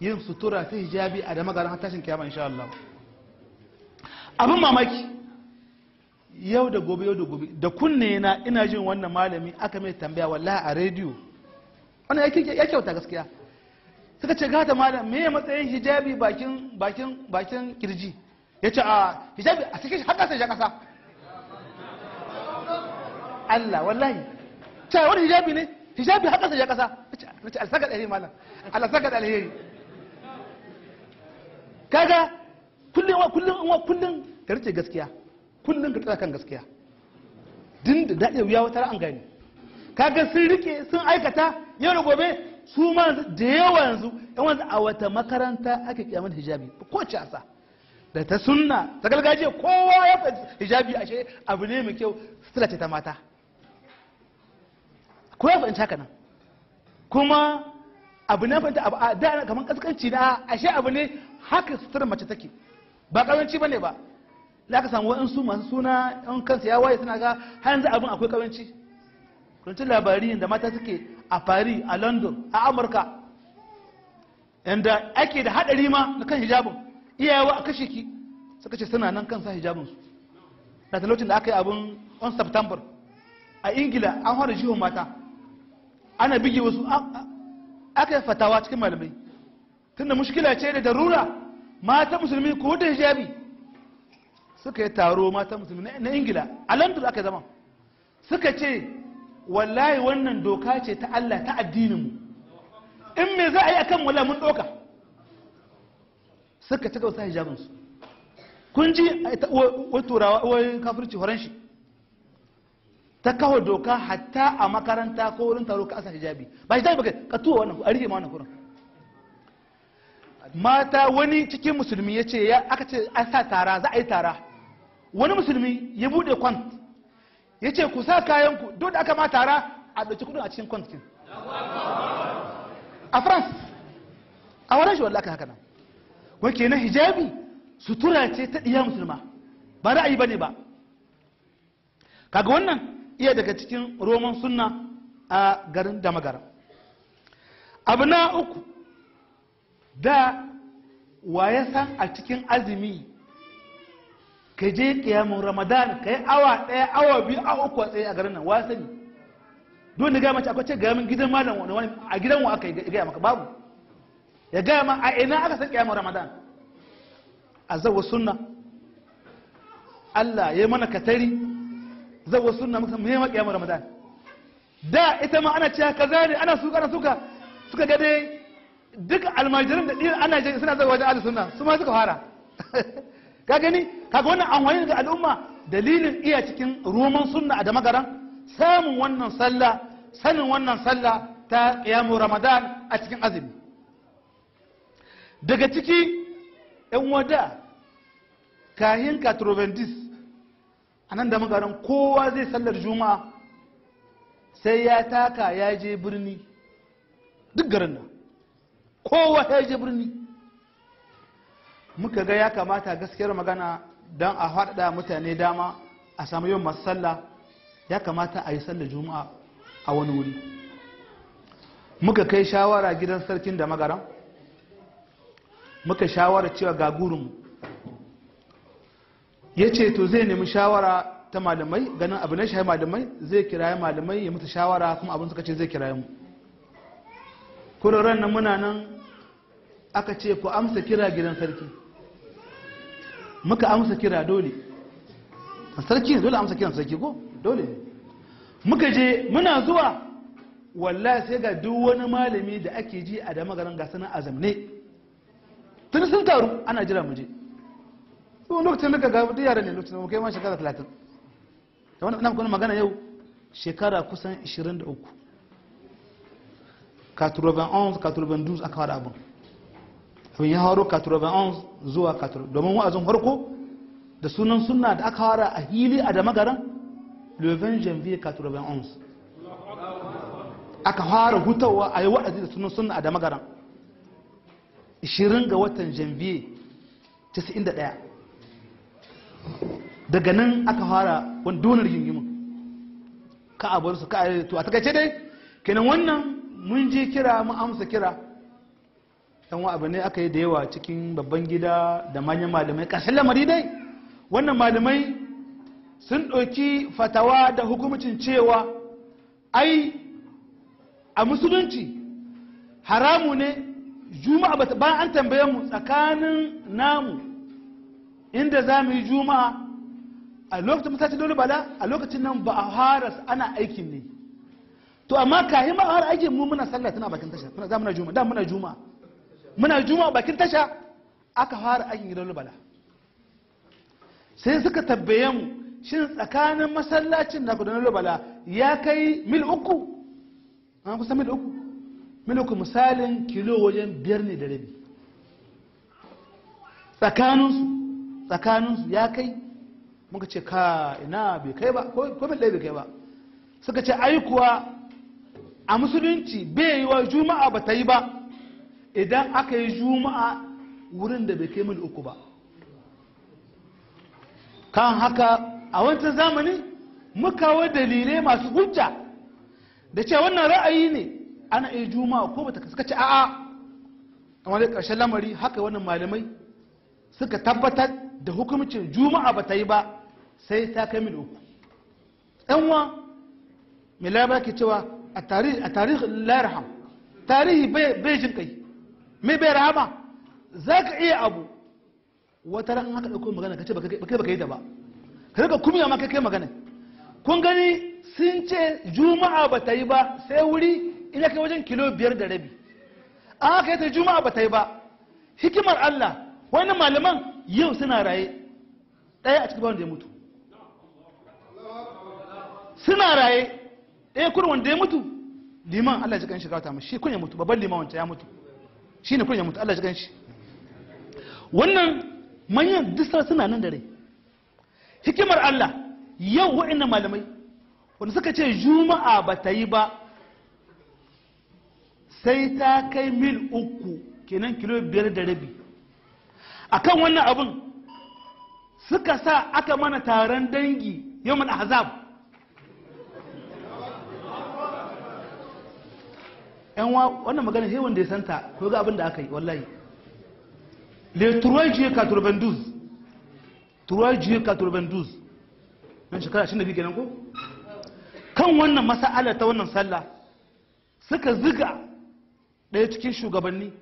yin sutura ta hijabi a da har tashin kiyama insha Allah abin mamaki yau da gobe yau da gobe da kunne na ina jin wannan malami aka mai tambaya wallahi a rediyo wannan ya kyauta gaskiya suka ce gata malam me ya matsayin hijabi bakin bakin bakin kirji ya ce a hijabi a cikin haka sai kasa Allah wallahi ta wani hijabi ne hijabi haka sai kasa ya ce alsaka alheri malam alsaka alheri kaga kullum wa kullum wa kullum ka rike gaskiya kullum ka tsaya kan gaskiya din da daɗe wuya wata an gani kaga sun rike sun aikata yau da gobe su ma da yawa yanzu yan wanzu a wata makaranta ake kiyamar hijabi ko casa da ta sunna ta gargajiya kowa ya hijabi ashe abu ne mai kyau sutura ce ta mata ko ya fahimci haka nan kuma abu na fahimta abu a da kamar kaskanci na ashe abu ne haka sutura mace take ba karanci ba ne ba za ka samu waɗansu masu suna yan kansu ya waye suna ga har yanzu abin akwai karanci kuncin labari da mata suke a paris a london a amurka yadda uh, ake da haɗari ma na kan hijabin iyayewa a kashe ki suka ce suna nan kansa hijabin su na talocin da aka yi abin 1 september a ingila an hana jihun mata ana bige wasu aka yi fatawa cikin malamai tunda mushkila ce da darura mata musulmi ko da hijabi suka yi taro mata musulmi na ingila a london aka zama suka ce wallahi wannan doka ce ta Allah ta addinin mu in me za a yi akan wala mun doka suka ci gausa hijabin su kun ji wai turawa wai kafirci horon shi ta kawo doka hatta a makaranta ko wurin taro ka asa hijabi ba hijabi ba ka tuwa wannan a rike ma wannan kurin mata wani cikin musulmi ya ce aka ce a sa tara za a yi tara wani musulmi ya bude kwant ya ce ku sa kayanku duk da aka ma tara a ɗauki kudin a cikin kwantin a france a wani shi wallaka haka nan wake na hijabi sutura ce ta ɗiya musulma ba ra'ayi ba ne ba kaga wannan iya daga cikin roman sunna a garin damagara abu na uku da wa ya san a cikin azumi ka je kiyamun ramadan ka yi awa ɗaya awa biyu a uku a tsaye a garin nan wa sani don da gaya mace akwai ce gaya min gidan malam wani a gidan wa aka gaya maka babu ya gaya ma a ina aka san kiyamun ramadan a zawo sunna Allah ya mana katari zawo sunna muka muhimma kiyamun ramadan da ita ma ana cewa kaza ne ana suka ana suka suka ga dai duk almajirin da ɗin ana suna zawo wajen ahlus sunna su ma suka fara ka gani kaga wannan amfani ga al'umma dalilin iya cikin ruman sunna a damagaran samun wannan sallah sanin wannan sallah ta qiyamu ramadan a cikin azumi daga ciki yan wada kahin katrovendis a nan damagaran kowa zai sallar juma'a sai ya taka ya je birni duk garin nan kowa ya je birni muka ga ya kamata gaskiyar magana don a faɗaɗa mutane dama a samu yawan masu sallah ya kamata a yi sallar juma'a a wani wuri muka kai shawara gidan sarkin da magaran muka shawara cewa ga gurinmu ya ce to zai nemi shawara ta malamai ganin abu na shi malamai zai kiraye malamai ya mutu shawara kuma abin suka ce zai kiraye mu kuroren nan muna nan aka ce ku amsa kira gidan sarki muka amsa kira dole sarki ne dole amsa kiran sarki ko dole muka je muna zuwa wallahi sai ga duk wani malami da ake ji a da magaran gasa azam azamne tun sun taru ana jira mu je tsohon lokacin da ga duk yaran ne lokacin mu kai ma shekara 30 to wannan ina kuma magana yau shekara kusan 23 katruban 11 katruban 12 aka fara abin tun ya haro 91 zuwa 80 domin wa'azin farko da sunan suna da aka hara a hili a damagaran leuven janvier 91 aka fara hutawa a yi wa'azi da sunan suna a damagaran 20 ga watan janvier 91 daga nan aka fara wani donar gingimin ka su ka a yi to a takaice dai kenan wannan mun je kira mu amsa kira dan wa abu ne aka yi da yawa cikin babban gida da manyan malamai kashin lamari dai wannan malamai sun ɗauki fatawa da hukumcin cewa ai a musulunci haramu ne juma'a bayan an tambaye mu tsakanin namu inda za mu yi juma'a a lokacin mutaci dole bala a lokacin nan ba a haras ana aikin ne to amma kayi ma a aikin mu muna sallah tana bakin tashar za muna juma'a da muna juma'a muna juma bakin tasha aka fara aikin gidan lubala sai suka tabbayan mu shin tsakanin masallacin na gudanar lubala ya kai mil uku an kusa mil uku mil uku misalin kilo wajen biyar ne da rabi tsakaninsu tsakaninsu ya kai muka ce ka ina bai kai ba ko mil ɗaya bai kai ba suka ce ai kuwa a musulunci bai yi wa juma'a ba ta yi ba idan aka yi juma'a wurin da bai kai mil uku ba kan haka a wancan zamani muka wa dalilai masu hujja da ce wannan ra'ayi ne ana iya juma'a ko ba ta kaskace a a wani ƙarshen lamari haka wannan malamai suka tabbatar da hukumcin juma'a ba ta yi ba sai ta kai mil uku ɗanwa mai labar ke cewa a tarihi larham tarihi bai jin kai mai bai rama za ka iya abu wata ran haka ɗauko magana ka ce ba kai da ba ka rika kumiya ma kai kai magana kun gani sun ce juma'a ba ta yi ba sai wuri ina kai wajen kilo biyar da rabi an haka ta juma'a ba ta yi ba hikimar allah wani malaman yau suna raye ɗaya a cikin wanda ya mutu suna raye ɗaya kurin wanda ya mutu liman allah ya ji kan shiga ta mashi kun ya mutu babban liman wancan ya mutu Shi shine kunya mutu Allah shi ganshi wannan manyan disar suna nan da rai hikimar Allah yau wa'annan malamai wanda suka ce juma'a ba ta yi ba sai ta kai mil uku kenan kilo biyar da rabi akan wannan abun suka sa aka mana taron dangi yau ahzab yan wannan magana sai wanda ya santa ko ga abin da aka yi wallahi le 3 juillet 92 3 juillet 92 nan shekara shi 22 kenan ko kan wannan masa'ala ta wannan sallah suka ziga ɗaya cikin shugabanni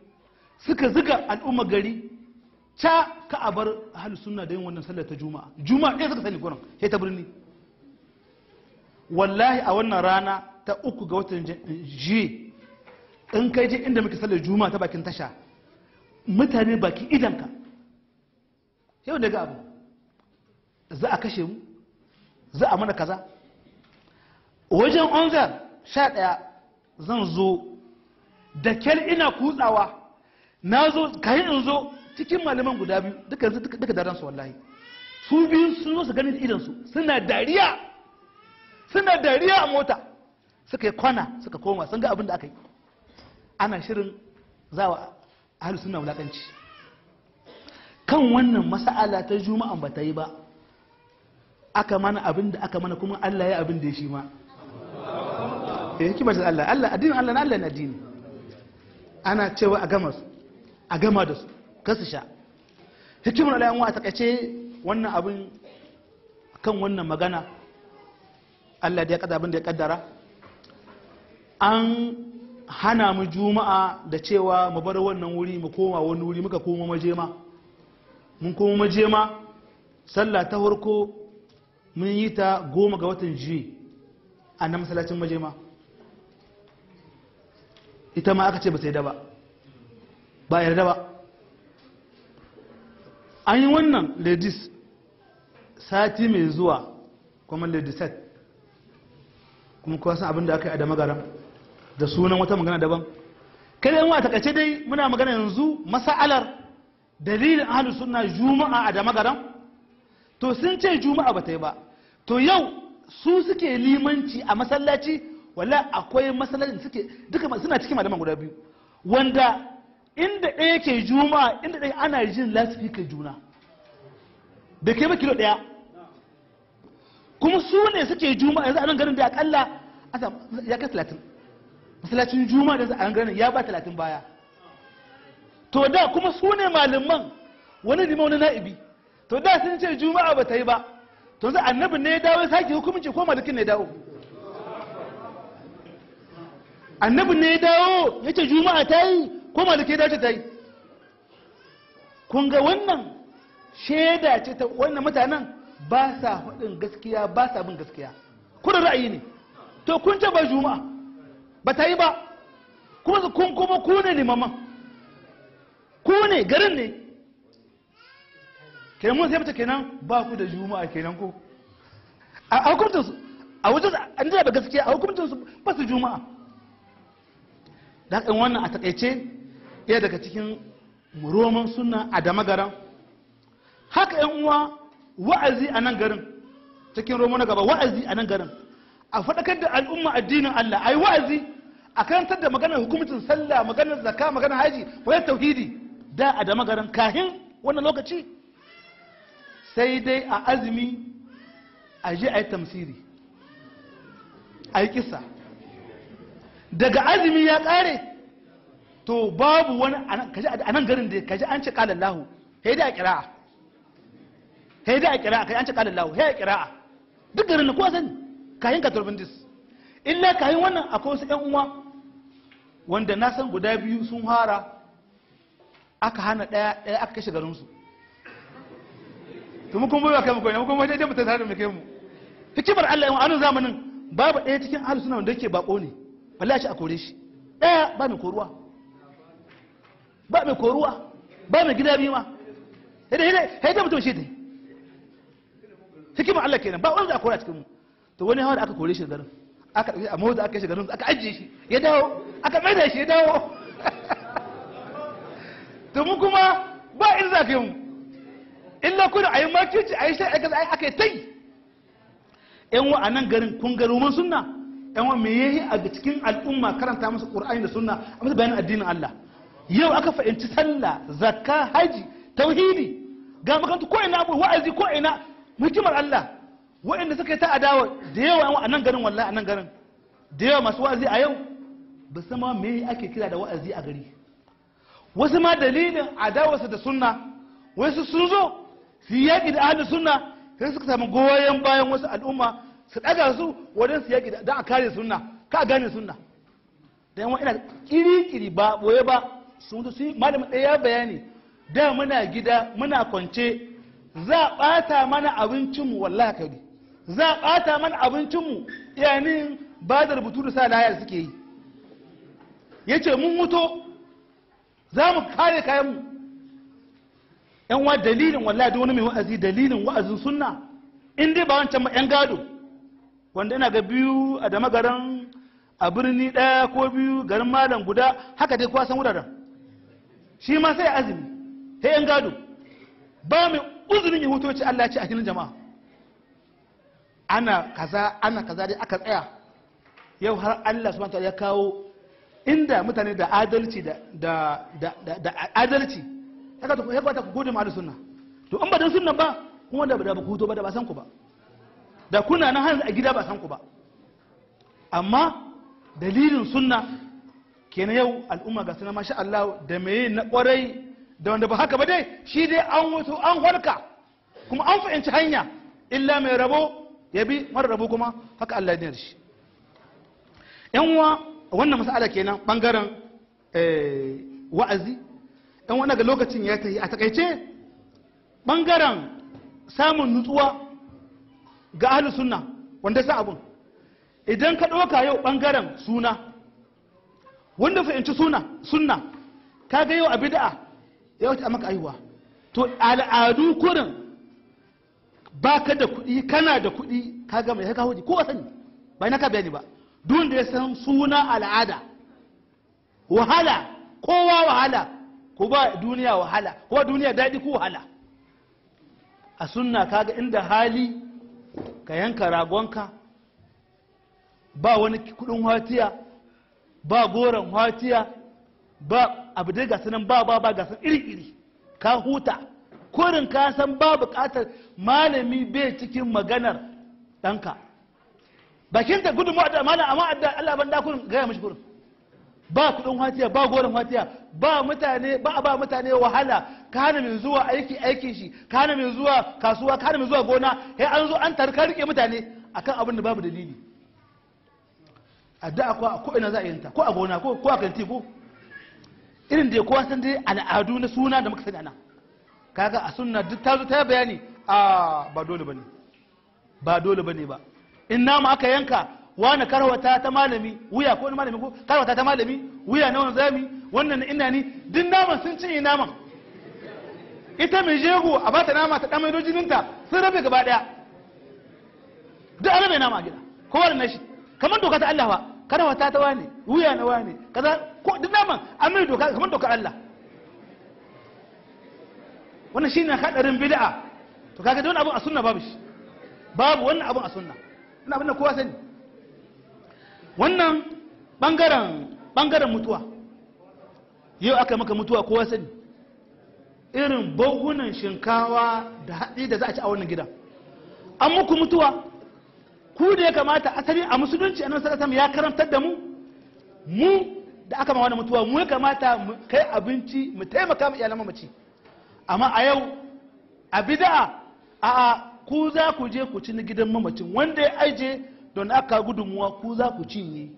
suka ziga al'umma gari ta ka a bar ahalus sunna da yin wannan sallah ta juma'a juma'a ɗaya suka sani gurin sai ta birni wallahi a wannan rana ta uku ga watan jiye in kai je inda muke sallar juma'a ta bakin tasha mutane baki idanka yau daga abu za a kashe mu za a mana kaza wajen onzar sha ɗaya zan zo da kyar ina kutsawa na zo kayan in zo cikin malaman guda biyu duka yanzu duka daren su wallahi su biyu sun zo su gani idansu suna dariya suna dariya a mota suka yi kwana suka koma sun ga abin da aka yi ana shirin za wa ahlus suna wulakanci kan wannan mas'ala ta juma'an ba ta yi ba aka mana abin da aka mana kuma Allah ya abin da ya shi ma eh hikimar Allah Allah addini Allah na Allah na addini ana cewa a gama su a gama da su kasu sha hikimar Allah yanwa a takaice wannan abin kan wannan magana Allah da ya kada abin da ya kaddara an hana mu juma'a da cewa mu bar wannan wuri mu koma wani wuri muka koma majema mun koma majema sallah ta farko mun yi ta goma ga watan jiye a nan masallacin majema ita ma aka ce ba sai da ba ba yarda ba an yi wannan ladies sati mai zuwa kuma ladies set kuma kuwa san abin da aka yi a magaran da sunan wata magana daban kada yan wata kace dai muna magana yanzu masalar dalilin ahlus sunna juma'a a da magaran to sun ce juma'a ba ta yi ba to yau su suke limanci a masallaci wala akwai masallacin suke duka suna cikin malaman guda biyu wanda inda ɗaya ke juma'a inda ɗaya ana jin lasifika juna da ke ba kilo ɗaya kuma su ne suke juma'a yanzu a nan garin da akalla ya kai talatin masallacin juma'a da an gani ya ba talatin baya to da kuma su ne malaman wani lima wani na'ibi to da sun ce juma'a ba ta yi ba to za annabin ne ya dawo ya sake hukumci ko malikin ne ya dawo annabin ne ya dawo ya ce juma'a ta yi ko malikin ya dace ta yi kun ga wannan shaida ce ta wannan mutanen ba sa faɗin gaskiya ba sa bin gaskiya kuna ra'ayi ne to kun ce ba juma'a ba ta yi ba kuma kuma ku ne limaman ku ne garin ne kenan mun sai mata kenan ba ku da juma'a kenan ko a hukuntun su a wajen an da gaskiya a hukuntun su ba su juma'a da kan wannan a takaice ɗaya daga cikin roman sunna a damagaran haka yan uwa wa'azi a nan garin cikin roman na gaba wa'azi a nan garin a faɗakar da al'umma addinin Allah ai wa'azi a karantar da maganar hukumcin sallah maganar zakka maganar haji wajen tauhidi da a da magaran kahin wannan lokaci sai dai a azumi a je a yi tamsiri a yi kisa daga azumi ya kare to babu wani a nan garin da kaji an ce kalan lahu yi a kira'a sai a kira'a kaji an ce kalan lahu sai a kira'a duk garin da kowa sani kayan ka turbin dis illa kahin wannan akwai wasu yan uwa wanda na san guda biyu sun hara aka hana ɗaya ɗaya aka kashe garinsu to mu kun bai kai mu kai mu kun bai daidai mu ta da mu kai mu hikimar Allah yawan anun zamanin babu ɗaya cikin ahlus sunna wanda yake bako ne wallahi a kore shi ɗaya ba mai koruwa ba mai koruwa ba mai gida biyu ma sai dai sai dai mutum shi dai hikimar Allah kenan ba wanda a kore cikin mu to wani hawa da aka kore shi garin aka ɗauke a aka shiga garin aka ajiye shi ya dawo aka maida shi ya dawo to kuma ba in za mu illa kuna ayi yi ayi a yi ai aka tai yan wa a garin kun ga roman sunna yan wa me yayi a cikin al'umma karanta masa qur'ani da sunna a musu bayanin addinin Allah yau aka fahimci sallah zakka haji tauhidi ga makantu ko ina abu wa'azi ko ina hikimar Allah waɗanda suka yi ta adawa da yawa a nan garin wallahi a nan garin da yawa masu wa'azi a yau ba su ma me ake kira da wa'azi a gari wasu ma dalilin adawarsa da sunna wasu sun zo su yaƙi da ahli sunna sai suka samu goyon bayan wasu al'umma su ɗaga su wajen su yaƙi da a kare sunna ka gane sunna da yawa ina kiri ba boye ba sun zo yi malam ɗaya bayani da muna gida muna kwance za a ɓata mana abincinmu wallahi kari za a ɓata man abincinmu yanin ba da rubutu da sa layar suke yi ya ce mun mutu za mu kare kayanmu yan wa dalilin wallahi da wani mai wa'azi dalilin wa'azin sunna in dai ba wancan ba yan gado wanda ina ga biyu a dama garin a birni ɗaya ko biyu garin malam guda haka dai kwasan wuraren shi ma sai azumi sai yan gado ba mai uzurin ya hutoci Allah ce a cikin jama'a ana kaza ana kaza dai aka tsaya yau har Allah subhanahu wataala ya kawo inda mutane da adalci da da da adalci haka ya kwata ta gode ma sunna to in ba dan sunna ba kuma da ba ku hoto ba da ba san ku ba da kuna nan hanzu a gida ba san ku ba amma dalilin sunna kenan yau al'umma ga sunna masha Allah da meye na kwarai da wanda ba haka ba dai shi dai an wato an warka kuma an fahimci hanya illa mai rabo ya bi mara kuma haka Allah ya shi yan uwa wannan mas'ala kenan bangaren eh, wa'azi yan uwa daga lokacin ya tafi a takaice bangaren samun nutsuwa ga ahlus sunna wanda sa abun idan ka ɗauka yau bangaren suna wanda fahimci suna sunna ka ga yau a bid'a yau ta maka aiwa to al'adu kurin baka da kuɗi kana da kuɗi ka gama ya kawo ko sani bai na ka bayani ba duk da ya san suna al'ada wahala kowa wahala ko ba duniya wahala ko duniya daɗi ko wahala a sunna kaga inda hali ka yanka ragonka ba wani kuɗin hatiya ba goron hatiya ba abu dai ga sanan ba ba ba ga san iri iri ka huta korin ka san ba bukatar malami bai cikin maganar ɗanka bakin da gudunmu a malam amma Allah ban dakun ga mishi gurin ba kudin watiya ba goran watiya ba mutane ba ba mutane wahala ka hana min zuwa aiki aikin shi ka hana min zuwa kasuwa ka hana min zuwa gona sai an zo an tarka rike mutane akan abin da babu dalili addu'a ko ina ko'ina za a yinta ko a gona ko ko a kanti ko irin da kowa san dai al'adu na suna da muka sani ana kaga a sunna duk ta zo ta bayani a ba dole ba ne ba dole ba ne ba in nama aka yanka wani karwata ta malami wuya ko wani malami ko karwata ta malami wuya na wani zami wannan ina ni duk naman sun cinye naman ita mai jego a bata nama ta damai dojininta sun rabe gaba daya duk an rabe nama a gida kowa da nashi kamar doka ta Allah ba karwata ta wani wuya na wani kaza ko duk naman an mai doka kamar doka Allah wannan shine hadarin bid'a to kaga don abun a sunna babu shi babu wannan abun a sunna ina abin da kowa sani wannan bangaren bangaren mutuwa yau aka maka mutuwa kowa sani irin bogunan shinkawa da haɗi da za a ci a wannan gidan an muku mutuwa ku da ya kamata asali a musulunci a nan sarasam ya karantar da mu mu da aka mawa mutuwa mu ya kamata mu kai abinci mu taimaka mu iyalan mamaci amma a yau a bid'a a ku za ku je ku ci na gidan mamacin wanda ya aije don aka gudunmuwa ku za ku cinye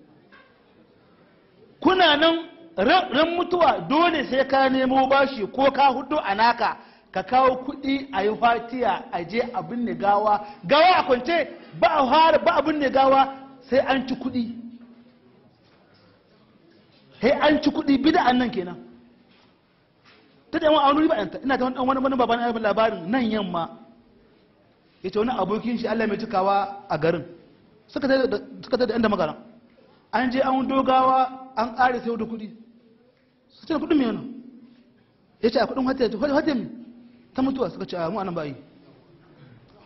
kuna nan ran mutuwa dole sai ka nemo bashi ko ka hudu a naka ka kawo kuɗi a yi fatiya a je abin ne gawa gawa a kwance ba a fara ba abin ne gawa sai an ci kuɗi sai an ci kuɗi an nan kenan ta da yawan aunuri ba ina ta wani wani babban labarin nan yamma ya ce wani abokin shi Allah mai cikawa a garin suka ta da yan da magana an je an dogawa an ƙare sai da kuɗi su ce kuɗin mai yana ya ce a kuɗin hatem ta mutuwa suka ce a mu anan bayi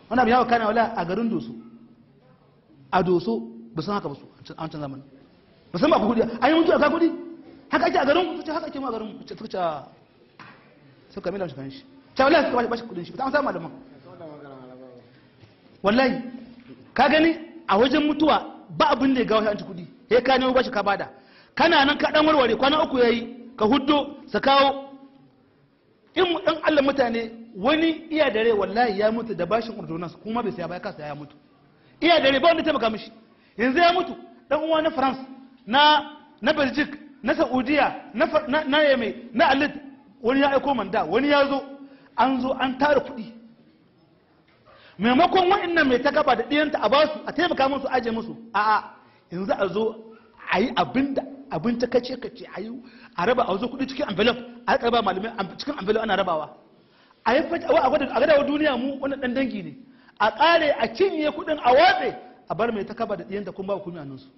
wani abu yawa kana wala a garin doso a doso ba san haka ba su an wancan zamanin ba san ba ku kuɗi an yi mutuwa ka kuɗi haka ake a garin su ce haka ake mu a garin suka ce suka mai shi kan shi ta wala suka ba shi kuɗin shi ba ta an samu malaman wallahi ka gani a wajen mutuwa ba abin da ya gawo shi kuɗi ya ka nemo bashi ka bada kana nan ka dan warware kwana uku yayi ka huddo sa kawo in dan Allah mutane wani iya dare wallahi ya mutu da bashin ordonance kuma bai saya ba ya kasa ya mutu iya dare ba wanda taimaka mishi yanzu ya mutu dan uwa na France na na Belgium na Saudiya na na Yemen na Alid wani ya aiko manda wani ya zo an zo an tara kuɗi maimakon wa'annan mai ta gaba da ɗiyanta a basu a taimaka musu aje musu a'a yanzu a zo a yi abin da abin ta kace kace a yi a raba a zo kuɗi cikin envelope a karba malamai cikin envelope ana rabawa a yi a gada duniya mu wani dan dangi ne a ƙare a cinye kuɗin a watse a bar mai ta kaba da ɗiyanta kun ba ku miyanin su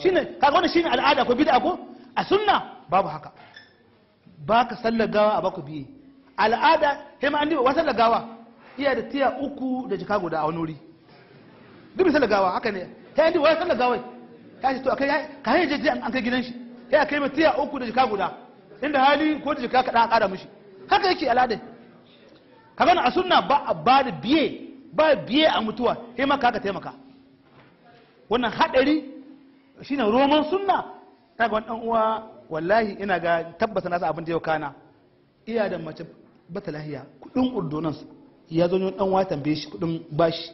shine kaga wannan shine al'ada ko bid'a ko a sunna babu haka baka sallar gawa a baku biye al'ada hema an diba wasan gawa iya da tiya uku da jika guda a wani wuri duk bisa gawa haka ne ta yadda waya sallar gawai ya ce to a kai ka hanyar jeje an kai gidan shi ya kai ma tiya uku da jika guda inda hali ko da jika kaɗan a ƙara mishi haka yake al'adai ka gani a sunna ba a ba da biye ba biye a mutuwa sai maka haka taimaka wannan haɗari shine roman sunna ta ga wani uwa wallahi ina ga tabbata nasa abin da yau kana iya da mace bata lahiya kudin urdunansu ya zo ɗan wa tambaye shi kuɗin bashi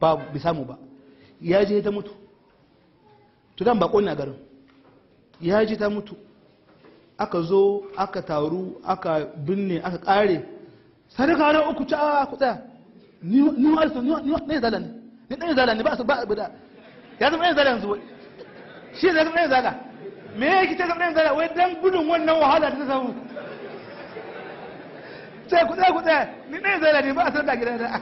ba bi samu ba ya je ta mutu to dan bako na garin ya je ta mutu aka zo aka taru aka binne aka kare sadaka na uku ta ku tsaya ni ni wasu ni ne zala ne ni dan zala ne ba su ba da ya zama ne zala yanzu wai shi zama ne zala me yake ta zama ne zala wai dan gudun wannan wahala da ta samu sai ku tsaya ku tsaya ni ne zai da ni ba a san da gidana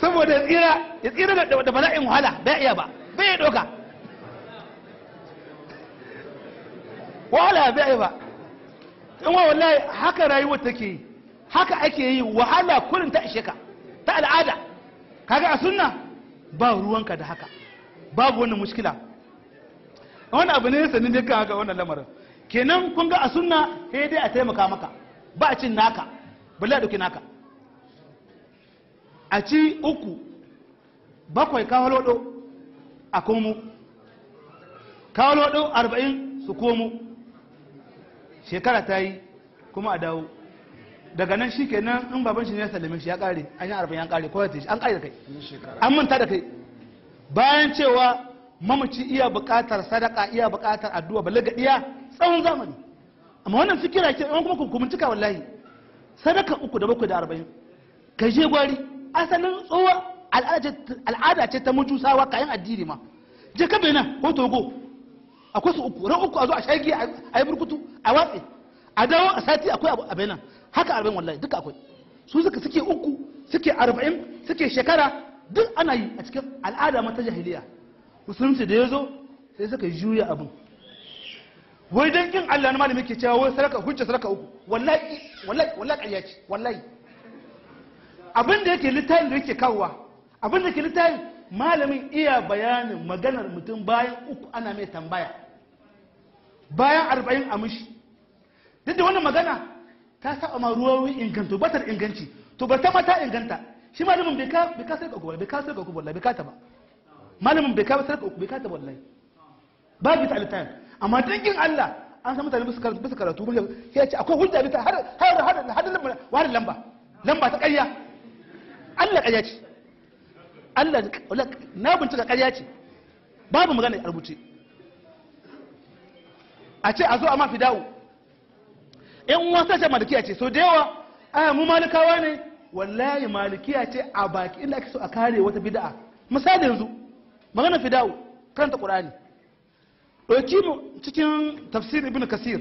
saboda tsira ya tsira da bala'in wahala bai iya ba bai ya doka wahala bai iya ba in wa wallahi haka rayuwar take yi haka ake yi wahala kurin ta ishe ka ta al'ada kaga a sunna ba ruwanka da haka babu wannan mushkila wani abu ne sanin dukkan haka wannan lamarin kenan kun ga a sunna sai dai a taimaka maka ba a cin naka a dauki naka a ci uku bakwai lodo a komo lodo arba'in su komo shekara ta yi kuma a dawo daga nan shi kenan in baban shi ne ya sallame shi ya kare an yi arba'in ya kare kawai ta an kare da kai an manta da kai bayan cewa mamaci iya buƙatar sadaka iya buƙatar addu'a balle ga iya tsawon zamani amma wannan fikira ke kuma ku cika wallahi sadaka uku da bakwai da arba'in ka je gwari asalin tsowa al'ada ce ta mujusawa kayan addini ma je ka benin ko togo akwai su uku ran uku a zo a shagi a yi burkutu a watsi a dawo a sati akwai abu a benin haka arba'in wallahi duka akwai su suka suke uku suke arba'in suke shekara duk ana yi a cikin al'ada ma ta jahiliya musulunci da ya zo sai suka juya abin wai dan kin Allah na malami ke cewa wai sarka hujja sarka uku wallahi wallahi wallahi ce wallahi abin da yake littafin da yake kawowa abin da ke littafin malamin iya bayanin maganar mutum bayan uku ana mai tambaya bayan arba'in a mishi duk da wannan magana ta saba ma ruwawi inganta batar inganci to ba ta mata inganta shi malamin bai ka bai ka sarka uku bai ka sarka uku wallahi bai ka ta ba malamin bai ka sarka uku bai ka ta wallahi babu ta littafin amma dangin Allah an san mutane bisa karatu ba ya ce akwai hujja bisa har har har har lamba lamba ta ƙarya Allah ƙarya ce Allah na bincika ƙarya ce babu magana a rubuce a ce a zo a mafi dawo in wasa ce malikiya ce so da yawa a mu malikawa ne wallahi malikiya ce a baki inda ake so a kare wata bid'a misali yanzu magana fidawo karanta qur'ani ɗauki cikin tafsir ibn kasir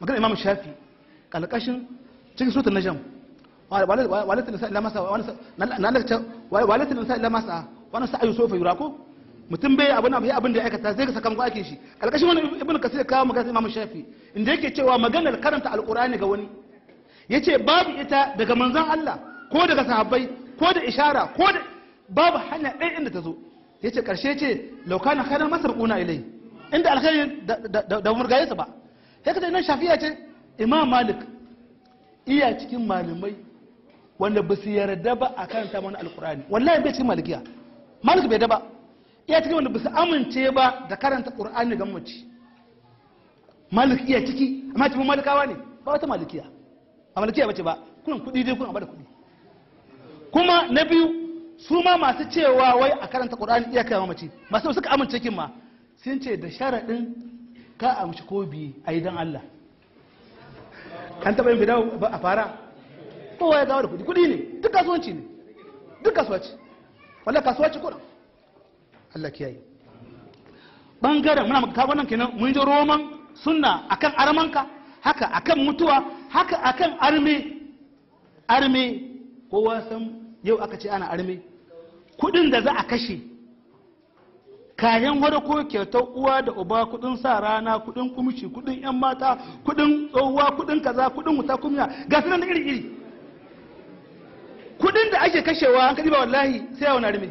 magana imam shafi ƙalƙashin cikin sutun najam walatin nisa illa masa walatin nisa illa masa wani sa ayu sofa yura ko mutum bai abin abin abin da ya aikata zai ka saka ko ake shi ƙalƙashin wani ibn kasir kawo magana imam shafi inda yake cewa maganar karanta alƙur'ani ga wani ya ce babu ita daga manzon Allah ko daga sahabbai ko da ishara ko da babu hanya ɗaya inda ta zo yace karshe ce laukana masar masarquna ilai inda alkhairi da murgaye su ba sai da nan shafi'a ce imam malik iya cikin malamai wanda ba su yarda ba a karanta mana alkurani wallahi bai cikin malikiya malik bai da ba iya cikin wanda ba su amince ba da karanta qur'ani ga mace malik iya ciki amma cikin malikawa ne ba wata malikiya a malikiya bace ba kun kudi dai kun a bada kudi kuma na biyu su ma masu cewa wai a karanta qur'ani iya kai mamaci masu suka amince kin ma sun ce da sharaɗin ka amshi ko biyu a yi don Allah an taɓa yin bidawo ba a fara kowa ya gawar kudi kudi ne duk kasuwanci ne duk kasuwanci wala kasuwanci kudin Allah kiyaye bangaren muna maka kagonan kenan mun ji roman sunna akan armanka haka akan mutuwa haka akan arme arme kowa san yau aka ce ana arme kudin da za a kashe kayan warko kyautar uwa da uba kudin sa rana kudin kumshi kudin yan mata kudin tsohuwa kudin kaza kudin wuta kumya ga sunan da iri iri kudin da ake kashewa an ba wallahi sai ya wani rime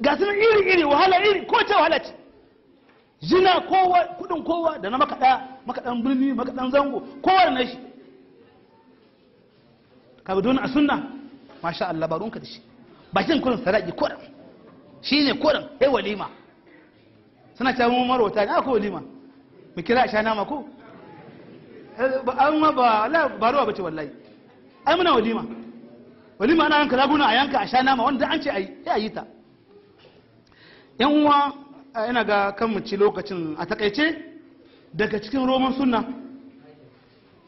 ga sunan iri iri wahala iri ko ce wahala ce jina kowa kudin kowa da na makaɗa makaɗan birni makaɗan zango kowa da na shi kabidon a sunna masha Allah ba ruwanka da shi bakin kurin sadaki kurin shi ne kurin sai walima suna cewa mu marota ne aka walima mu kira a sha nama ko an ma ba ba ruwa bace wallahi ai muna walima walima ana yanka laguna a yanka a sha nama wanda an ce ai ya a yi ta yan uwa ina ga kan mu ci lokacin a takaice daga cikin roman sunna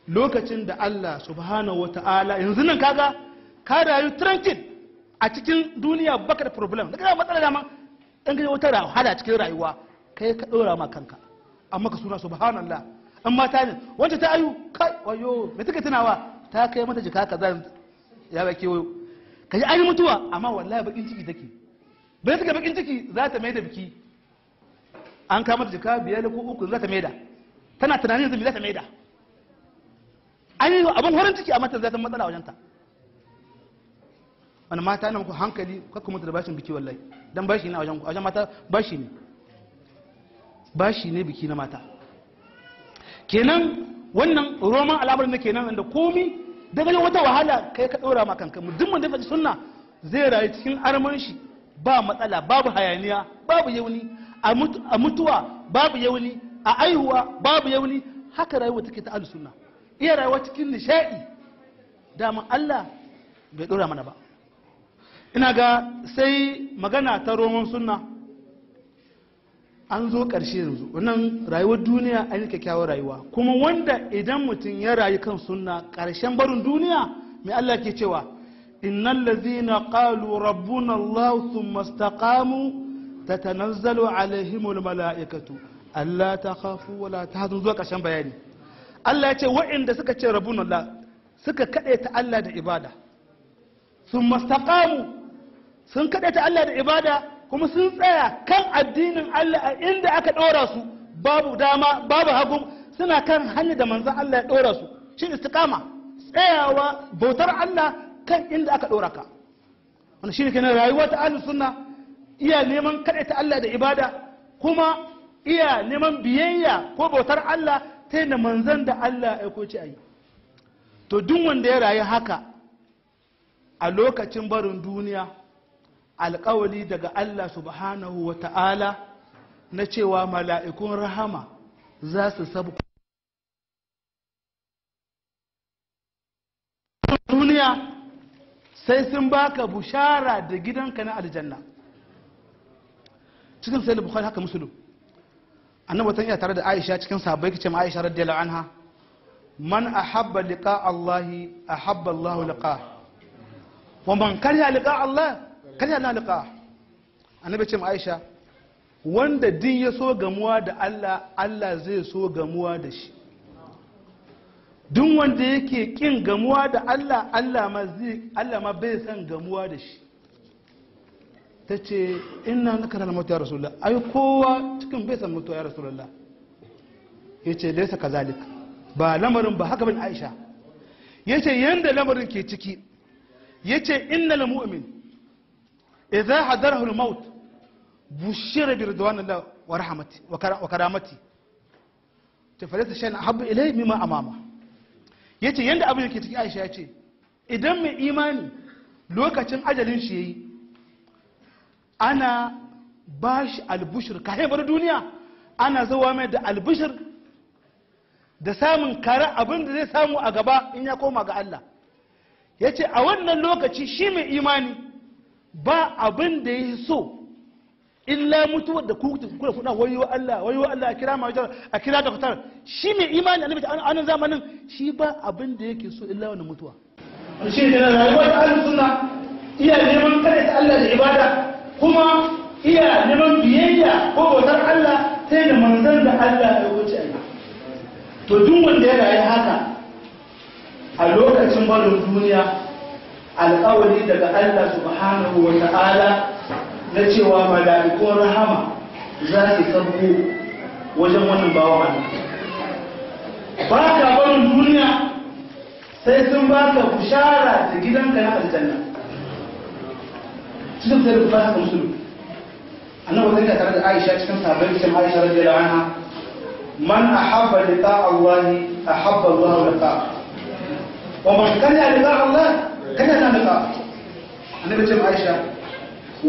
lokacin da Allah subhanahu wata'ala yanzu nan kaga ka rayu tranquil a cikin duniya baka da problem daga matsala dama dan kaje wata wahala cikin rayuwa kai ka dora ma kanka amma ka sura subhanallah amma ta ne wanda ta ayu kai wayo me take tunawa ta kai mata jika zan ya baki wayo yi ayi mutuwa amma wallahi bakin ciki take bai take bakin ciki za ta mai da biki an kama mata jika biyar ko uku za ta mai da tana tunanin yanzu me za ta mai da an yi abin horon ciki za ta zata matsala wajenta wani mata na muku hankali kakka mutu da bashin biki wallahi don bashi ne a wajen wajen mata bashi ne bashi ne biki na mata kenan wannan roman al'amarin da kenan da komi daga wata wahala kai ka ɗora ma kanka muddin da faɗi sunna zai rayu cikin arman shi ba matsala babu hayaniya babu yauni a mutuwa babu yauni a aihuwa babu yauni haka rayuwa take ta sunna iya rayuwa cikin nishaɗi dama Allah bai ɗora mana ba ina ga sai magana ta roman sunna an zo ƙarshe yanzu wannan rayuwar duniya an yi kyakkyawar rayuwa kuma wanda idan mutum ya rayu kan sunna ƙarshen barin duniya mai Allah ke cewa innal na qalu rabbuna Allah ta istaqamu tatanazzalu alaihimul malaikatu Allah ta khafu wala ta tahzanu zuwa ƙarshen bayani Allah ya ce wa'inda suka ce rabbuna Allah suka kaɗe ta Allah da ibada sun mastaƙamu. sun kaɗaita Allah da ibada kuma sun tsaya kan addinin Allah a inda aka ɗora su babu dama babu hagu suna kan hanyar da manzan Allah ya ɗora su shi istiqama tsayawa bautar Allah kan inda aka ɗora ka wani shi ne rayuwa ta ahlus sunna iya neman kaɗaita Allah da ibada kuma iya neman biyayya ko bautar Allah ta yadda manzan da Allah ya koci a yi to duk wanda ya rayu haka a lokacin barin duniya Alƙawali daga Allah subhanahu wa ta'ala na cewa mala'ikun rahama za su sabu duniya sai sun baka bushara da gidanka na aljanna cikin sai bukhari haka musulun annabi ta iya tare da aisha cikin sahabbai kace ma aisha radiyallahu anha man ahabba liqa allahi ahabba Allahu liqa wa man karya liqa allah kar na liƙa annabi ce aisha wanda din ya so gamuwa da Allah Allah zai so gamuwa da shi duk wanda yake kin gamuwa da Allah Allah ma zai Allah ma bai san gamuwa da shi ta ce ina na karar mutu ya rasulullah ai kowa cikin bai san mutu ya rasulullah ya ce laisa kazalik ba lamarin ba haka bin aisha ya ce yadda lamarin ke ciki ya ce innal mu'min idza hadarahu al-maut bushira bi ridwanillah wa rahmati wa karamati ta falata shayin ahabbu ilayhi mimma amama yace yanda abin yake ciki Aisha yace idan mai imani lokacin ajalin shi yayi ana bashi albushir ka haibar duniya ana zuwa mai da albushir da samun kare abin da zai samu a gaba in ya koma ga Allah yace a wannan lokaci shi mai imani ba abin da ya so illa mutuwar da ku kuna fuda wayo Allah wayo Allah a kira ma a kira da kutar shi ne imani annabi ta anan zamanin shi ba abin da yake so illa wannan mutuwa shi ne rayuwar ahlus sunna iya neman kare ta Allah da ibada kuma iya neman biyayya ko bautar Allah sai da manzon da Allah ya wuce to duk wanda ya rayu haka a lokacin barin duniya alƙawari daga Allah subhanahu wa ta'ala na cewa mala'ikun rahama za su sabu wajen wannan bawa Allah ba ka barin duniya sai sun ba ka kushara da gidanka na aljanna cikin sai da fasa musulun annabi sai tare da Aisha cikin sabon cikin Aisha radiyallahu anha man a ahabba a Allah ahabba Allah liqa wa man kana liqa Allah yana na nuka annabi ce aisha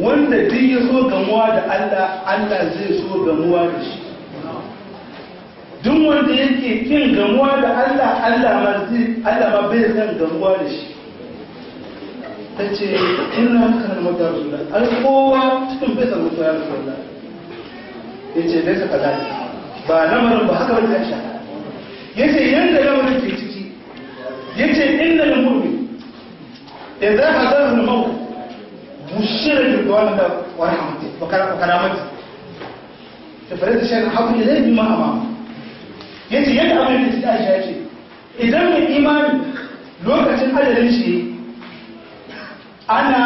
wanda duk ya so gamuwa da Allah Allah zai so gamuwa da shi duk wanda yake kin gamuwa da Allah Allah ma zai Allah ma bai san gamuwa da shi ta ce ina kan mata rasulullah ai kowa cikin bai san mata rasulullah ya ce bai saka zai ba lamarin ba haka bane aisha ya ce yanda lamarin ke ciki ya ce inna lil mu'min da إذا حضره الموت بشر بالجوانب ورحمته وكرامته فبرد الشيء حاضر إليه بما أمامه yace yadda abin da ta Aisha yake idan mai imani lokacin adalin shi ana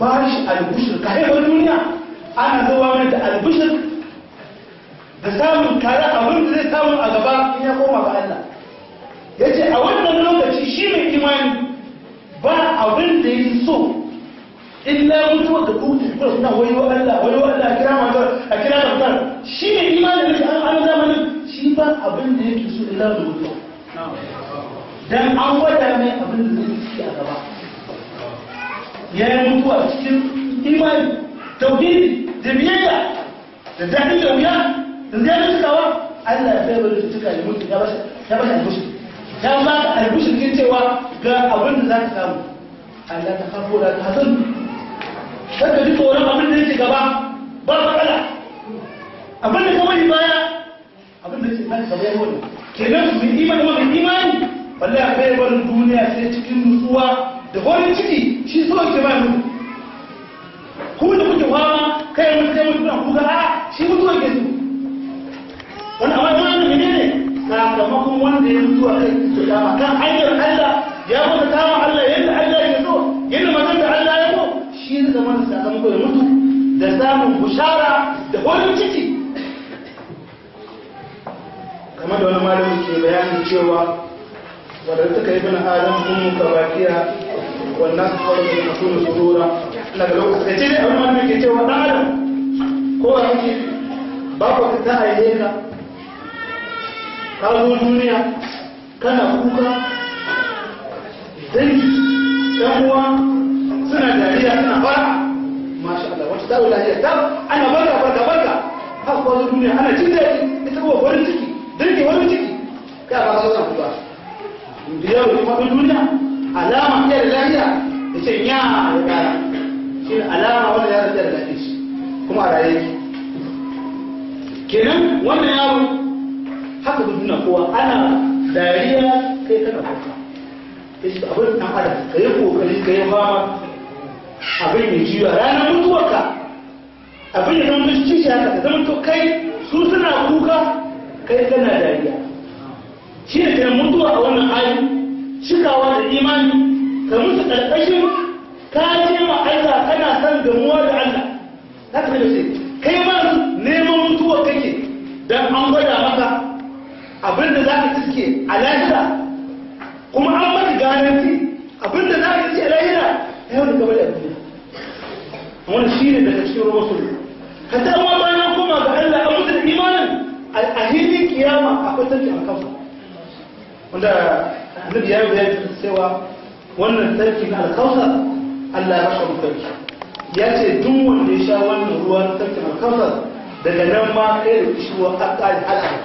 ba shi albushir ka haifa duniya ana zuwa mai da albushir da samun kare abin da zai samu a gaba in ya koma ga Allah yace a wannan lokaci shi mai imani ba abin da yi so illa mutuwa da kuma kuma suna wayo Allah wayo Allah kira matar a kira matar shi ne imanin da an zamani shi ba abin da yake so illa da mutuwa dan an gwada mai abin da yake ciki a gaba ya yi mutuwa cikin imani tauhidi da biyayya da daɗin da wuya da da mutuwa Allah ya bai cikin mutuwa ya ba shi ya ba shi ta ba ka albishirin cewa ga abin da za ka samu Allah ta kafo da ta hasan sai ka ji tsoron abin da yake gaba ba matsala abin da kawai baya abin da ke kan gaba ya wani kenan su yi imani wani imani balle a kai wani duniya sai cikin nutsuwa da wani ciki shi so ke ba mu ku da kuke fama kai mun kai mun kuna kuka a shi mutuwa ke su wani amma wani ne ne sakamakon wanda ya zuwa kai su dama kan hanyar Allah ya mutu kama Allah yadda Allah ya so yadda magana Allah ya zo shi ne zama da sakamakon ya mutu da samun bushara da horin ciki Kama da wani malami ke bayani cewa wadanda suka yi bin adam sun muka bakiya wannan kawai da masu na daga lokacin da ce ne abin malamin ke cewa ɗan adam ko a babu ta ayyana ka duniya kana kuka dangi ɗan uwa suna dariya suna fara masha Allah wata ta lahiya ta ana barka barka barka har kuwa zo duniya ana jin daɗi ita kuma wani ciki dangi farin ciki kai ba ka zo kuka duniya ko kuma duniya alama ta da lahiya da ce ya ya kara shi alama wannan ya da lafiya kuma a raye kenan wannan yaro haka ku nuna kowa ana dariya kai kana kuka yace abin na adam ka yi kokari ka yi fama abin ya jiya ranar mutuwarka abin ya zama mutu cikin haka ka zama to kai su suna kuka kai kana dariya shi ne kai mutuwa a wannan hali cikawa da imani ka musu ƙarƙashin ka ce ma Allah kana son gamuwa da Allah haka ne kai ma neman mutuwa kake dan an gwada maka Abinda za ka iske a lahira kuma an mata garanti abinda za ka iske a lahira ya da gaba da duniya wani shi ne daga cikin rumusu ne ka ta amma bayan kuma ga Allah a mutu da imanin al'ahidin kiyama a kwatanci a kafa wanda annabi ya yi bayani cewa wannan sarki na alkausa Allah ya rasha sarki ya ce duk wanda ya sha wannan ruwa na tsarki alkawsar daga nan ma kai da kishiwa a tsari haka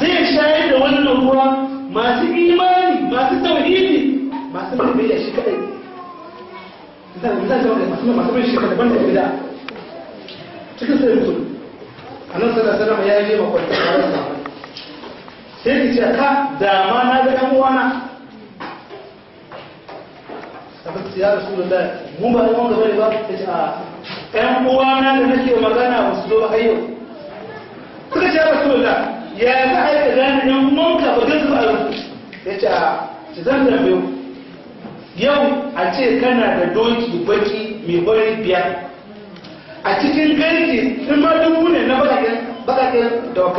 zai shayar da wannan ruwa masu imani masu tauhidi masu mai shi kadai zan zama da masu masu shi kadai cikin sai a nan ya yi ma kwanci a sai ce ka dama na ga ɗan uwana ya rasu da mu ba yawan gaba ne ba ta ce a ɗan uwana da nake magana ba su zo ba yau suka ce ya rasu da ya za a yi ka gane ɗan uwanka ba gasu ba ya ce a ci zan da biyu yau a ce kana da doki baki mai bari biyar a cikin garki in ma dubu ne na bakakin na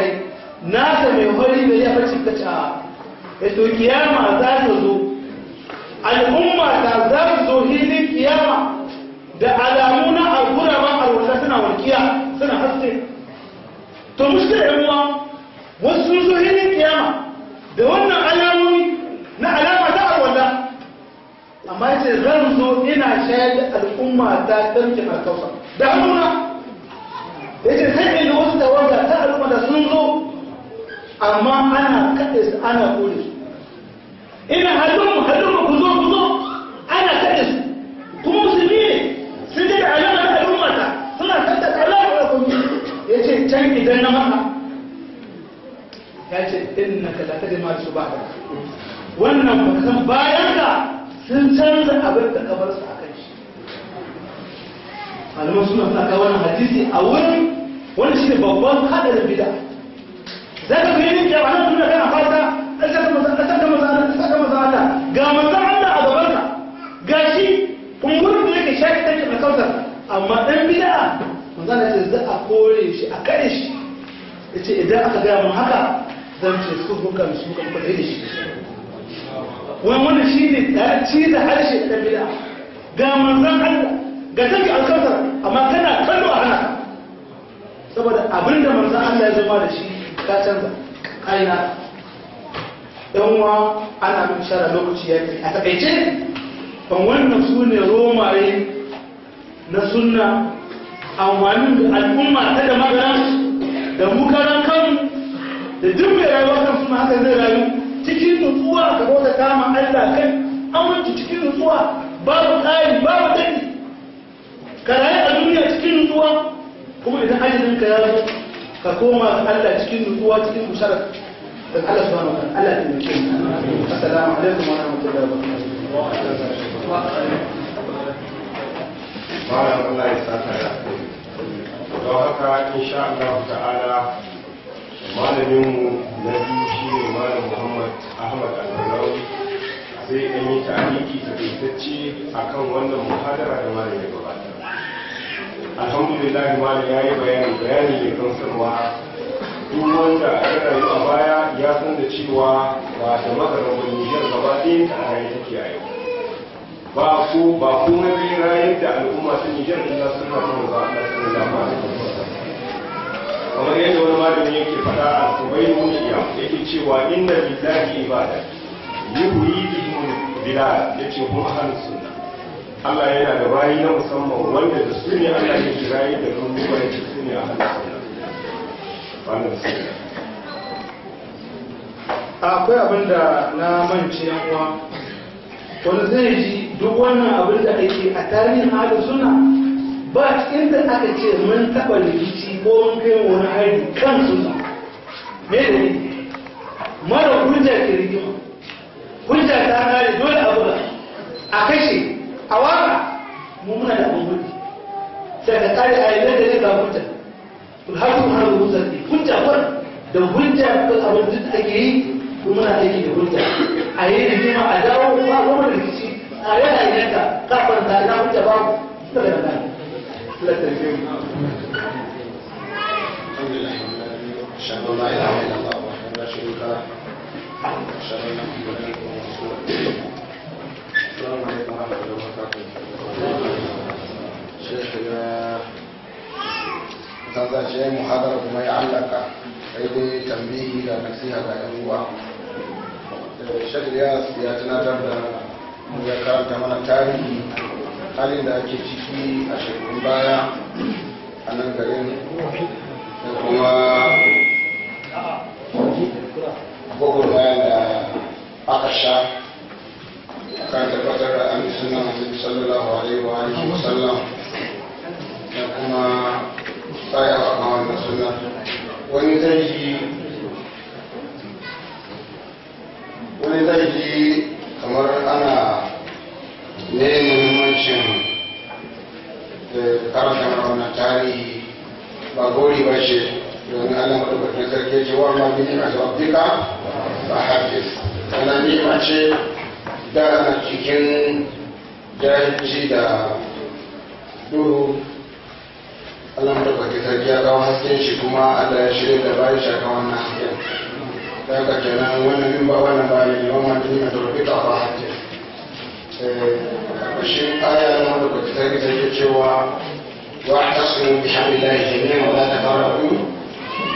nasa mai hori bai ya farci ta ca ya to kiyama za ta zo al'umma ta za ta zo hilin kiyama da alamu na alkura ma a suna warkiya suna haske to mushkila yan uwa wasu zuhirin kiyama da wannan alamomi na alama ta a walla amma ce zan zo ina shayar da al'umma ta tarki na kausa da hannuna Ya ce sai ne wasu tawaga ta al'umma da sun zo amma ana kaɗe su ana kore su ina hallum hallum ku zo ku zo ana kaɗe su kuma su ne sun ce da alama da al'umma ta suna kaɗe alama da kuma ya ce can idan na mata. innaka la tadma su ba'da wannan mutum bayan ka sun canza abin da kabar su akan shi malaman suna saka wannan hadisi a wurin wanda shi ne babban hadarin bid'a za ka gani da wannan suna kana fata an saka maza an saka maza an saka maza Allah ga manzon Allah a gaban ka gashi kungurin da yake shaki take a kautar amma dan bid'a manzon Allah ya ce za a kore shi a kare shi yace idan aka gaya mun haka zan ce su bukan su kan kudai da shi wani wani shi ne ta ci da harshe da bila ga manzan Allah ga take alƙasar amma kana kallo a hana saboda abinda da manzan Allah ya zama da shi ka canza kaina dan wa ana min shara lokaci ya ce a takaice ban wannan su ne romaye na sunna amfanin da al'umma ta da magana da mu kanmu da duk mai rayuwa kan suna haka zai rayu cikin nutsuwa ka bauta kama Allah kai aminci cikin nutsuwa babu tsari babu dani ka rayu a duniya cikin nutsuwa kuma idan ajinin ka ya zo ka koma Allah cikin nutsuwa cikin bushara da Allah subhanahu wa ta'ala Allah ya taimake mu assalamu alaikum wa rahmatullahi wa barakatuh Malam Allah ya saka ya. Don haka insha Allah ta'ala malaminmu na biyu shi ne malam muhammad ahmad albalawi zai ɗan yi tariki takaitacce a kan wannan muhadara da malam ya gabata alhamdulillah malam ya yi bayani bayani mai kansarwa duk wanda ya rayu a baya ya san da cewa ba da makarabin nijar gaba ɗaya ta rayu take a yau ba ko ba na zai rayar da al'umma ta nijar illa suna kuma za a ɗasa da lafa kamar yadda wani malamin yake faɗa a kubai muniya yake cewa inda billahi ibada yuhyi bihim bilal yace ko ahlus suna Allah yana da bayi na musamman wanda da su ne Allah ya kira yi da kan ba ya su ne ahlus sunna wannan akwai abin da na mance yan uwa wani zai ji duk wannan abin da ake a tarihin hada suna. ba cikin da aka ce mun taɓa likici ko mun kai wani hari kan ba me da ne mara hujja ke rigima hujja ta hari dole a buga a kashe a waka mu muna da abin gudu sai ka tsari a yi da ne ga hujja har kuma har hujja ne hujja kwan da hujja ko abin duk ake yi ko muna aiki da hujja a yi rigima a dawo ba kuma rikici a yi a yi yanka kafin da na hujja babu suka da لا الحمد لله أشهد أن لا إله إلا الله وحده لا شريك له أشهد أن محمدا رسول الله السلام عليكم ورحمة الله وبركاته شيخنا zan shi muhadara kuma ya allaka sai dai tambihi da nasiha ga yan uwa shagir ya tunatar da mu ya karanta mana tarihi halin da ake ciki a shekarun baya a nan garin da kuma gogon da aka sha a kan tabbatar da an suna hannun sallallahu alaihi wa alihi wa sallam da kuma tsaya a wannan suna wani zai yi wani zai kamar ana ne muhimmancin karanta eh, wannan tarihi ba gori ba ce domin allah madaukakin sarki ce wa ma bin a rabbika ba hafiz ni ni'ima ce da a cikin jahilci da duru allah madaukakin sarki ya kawo hasken shi kuma allah ya shirya da bayan shaka wannan hasken daga kenan wannan bin ba wannan bayan ne wa ma bin rabbika ba hafiz shi aya na wanda sarki take cewa wa tasmu bi hamdillahi jami'an wa la tafarraqu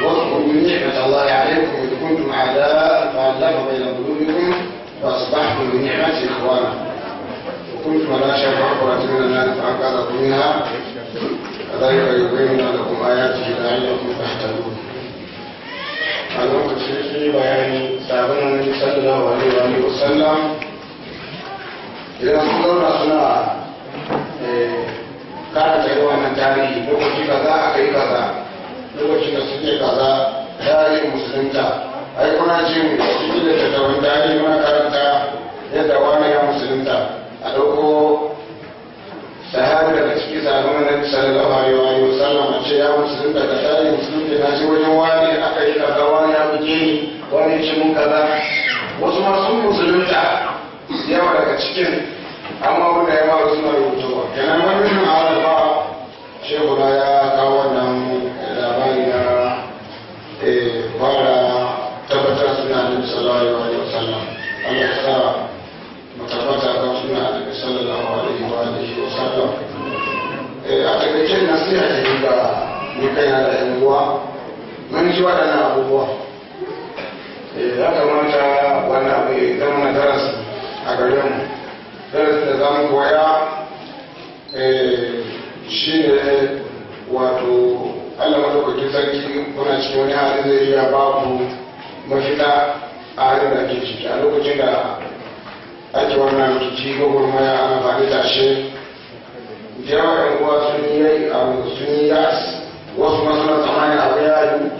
wa qulu ni'mat Allah alaykum in kuntum a'da'a fa allafa bayna qulubikum fa asbahtum bi ni'mati ikhwana wa kuntum ala shafa quratin min an-nar fa anqadhakum minha كذلك يبين لكم آياته لعلكم تهتدون a lokacin shi bayani sabon annabi sallallahu alaihi wa sallam idan sun zauna suna eh, kada da yawan nan tarihi lokaci kaza a kai kaza lokaci da suke kaza yi musulunta ai kuna ce mu cikin da tattaunin tarihi muna karanta yadda wani ya musulunta a ɗauko sahabi daga ciki sabon nan sallallahu alaihi wa sallam a ce ya musulunta da tarihin musulunta na ce wajen wani aka yi kaza wani ya buge ni wani ya ci mun kaza wasu ma sun musulunta cikin amma wanda ya mawa suna rubutuwa kenan wani arafa shehu guda ya kawo wannan labari na eh, fara tabbatar suna nabi sallallahu alaihi wasallam Allah ya sa mu tabbata kan suna nabi sallallahu alaihi wa alihi wasallam eh, a takaice nasiha yi ga ni yana da yan ruwa mun ji waɗannan abubuwa eh, ya kamata wannan abu ya zama darasi a gare mu darasin da koya eh, shi ne wato allah madaukakin sarki kuna cikin wani halin zai iya babu mafita a harin da ke ciki a lokacin da ake wannan rikici maya ana faɗi tashe da yawa yan uwa sun yi yai a sun yi yas wasu masu na tsammanin a ya yi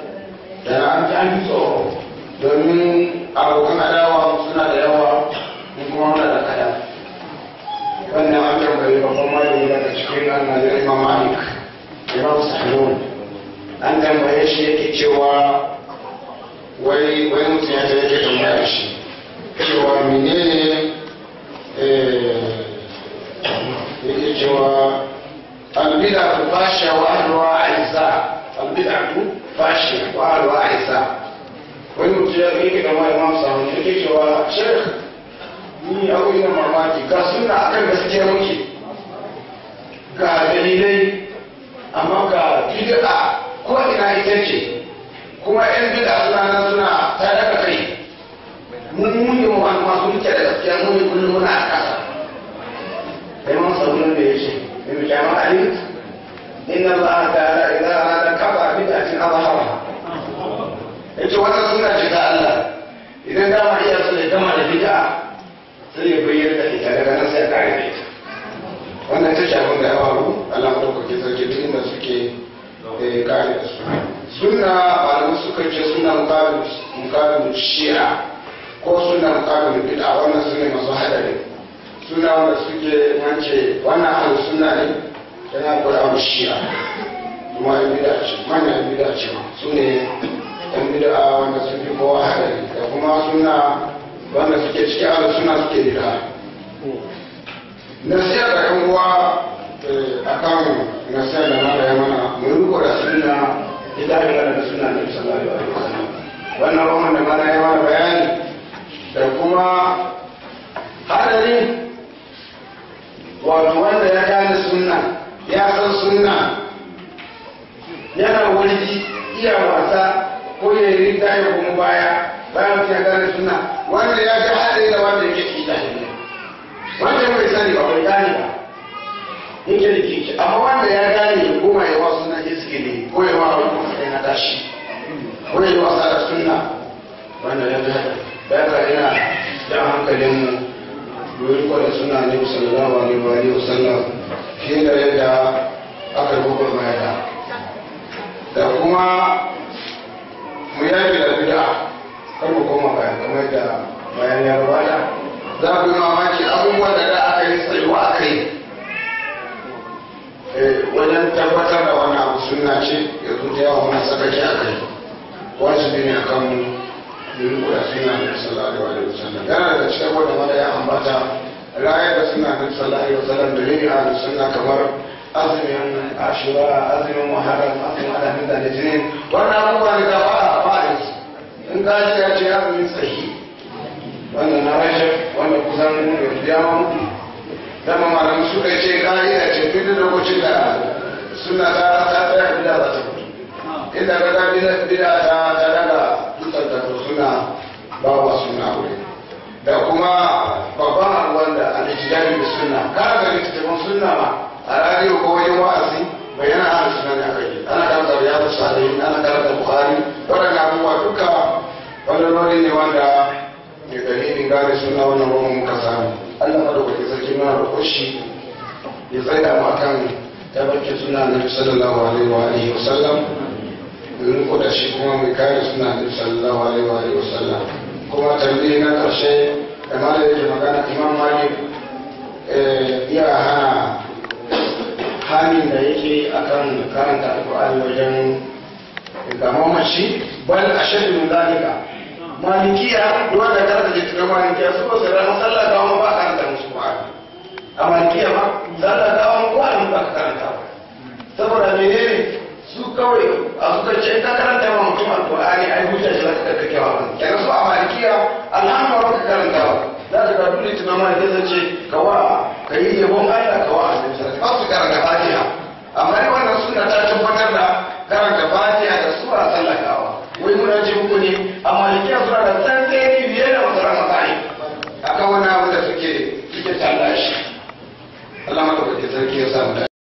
da na an fi an tsoro domin abokan adawa suna da yawa ومولانا كلام وأن أمر بالرقمين لك تشكيل أن الإمام مالك إمام صحنون أن لم يشيك cewa wai wai mutum ya tare da tambaya shi cewa menene yake cewa albida tu fasha wa ahluha aiza albida tu fasha wa ahluha aiza wani mutum ya yake kama imam sahun yake cewa shekh ni ya wuce mamaki ga suna a akan gaskiya muke ga dalilai amma ga bid'a ko ina ita ce kuma yan bid'a suna nan suna ta daga kai mun muni mu an ma sun da gaskiya mun yi kullum muna a kasa sai mun saurin da yake mai mutama alim inna allaha ta'ala idza arada kafa bid'atin adharaha yace wannan suna ce Allah idan dama iya so ya gama da bid'a sai ya bayyana da ita daga nan sai ya kare da ita wannan ta shafin da ya faru Allah madaukakin sarki duk inda suke eh, kare da su suna malamu suka ce suna mukabilu shi'a ko suna mukabilu bid'a wannan sunne masu hadari suna wanda suke wance wannan ahlus sunna ne yana gwada mu shi'a kuma yan bid'a ce manyan bid'a ce sunne ne yan bid'a wanda suke ko kowa hadari da kuma suna wanda suke ciki ala suna suke gida nasiya da kan kuwa eh, a kan nasiya da mara ya mana mulu riko da suna ita da suna ne sallallahu alaihi wannan roman da mara ya mana bayani da kuma hadari wato wanda ya gane suna ya san suna yana wani iya wasa ko ya yi rinta ya kuma baya bayan mutum ya gane suna wanda ya ji haɗe da wanda yake ki da ne wanda bai sani ba bai gane ba yake da kiki amma wanda ya gane ya koma yawa suna iske ne ko yawa wani kuma kai na tashi ko ya yi yawa sada suna wanda ya gane da ya ina jan hankalinmu domin kwanan suna ne ne alaihi wa sallam shi da yadda aka rubuta mai da da kuma mu yaki da kan mu koma bayan kamar da bayan ya rubata za ku yi mamaki abubuwan da da aka yi tsayuwa a kai eh, wajen tabbatar da wani abu suna ce ya zuta yawa wani tsakaki a kai wajibi ne a kan yin kuɗa suna da da alaihi wasallam yana da cikin wanda mara ya ambata raya da suna da sallallahu alaihi wasallam da a ahlus suna kamar azumin ashura azumin muharram azumin alhamdulillah da jinin wannan abubuwa ne da ba a fa'is in ka ce ya ce ya yi tsaki wannan na rashe wanda kusan da dama mutu dama malam suka ce da ce duk da lokacin da suna ta ta tsaya bida ba ta mutu inda ka ta bida bida ta ta daga tutar da suna ba wa suna wuri da kuma babban wanda a da suna ka ga littattafan suna ma a radiyo ko wajen wa'azi bayyana a suna ne a kai ana karanta ya fi salihin ana karanta bukari waɗanda abubuwa duka wani ɓangarori ne wanda ke dalilin gane suna wannan roman muka samu allah madaukaki sarki muna da kushi ya tsaya mu akan tabbaci suna na sallallahu alaihi wa alihi wa sallam in ko da shi kuma mai kare suna na sallallahu alaihi wa alihi wa sallam kuma tambayi na ƙarshe kamar da yake magana imam malik eh, ya hana kamin da yake akan karanta alkur'ani wajen gamama shi bal a shaɗin zalika malikiya wanda karanta gama malikiya su ko sai ran sallah ga wani ba karanta musu ƙwari a malikiya ma sallah ga wani ba karanta saboda menene su kawai a suka ce ta karanta wa mutum alƙur'ani ai hujja shi za ka karkake wa abin kenan su a malikiya alhamdu ba ka karanta ba za ta ga dole tunan ma da zai ce ka wa ka yi yabon Allah ka wa annabi ba su karanta fatiha amma ai wannan suna ta tabbatar da karanta fatiha da su a sallakawa wai muna ji muku ne a malikiya suna da tsantseni biye da wasu ramadani akan wani abu da suke suke tallashi Allah madaukakin sarki ya samu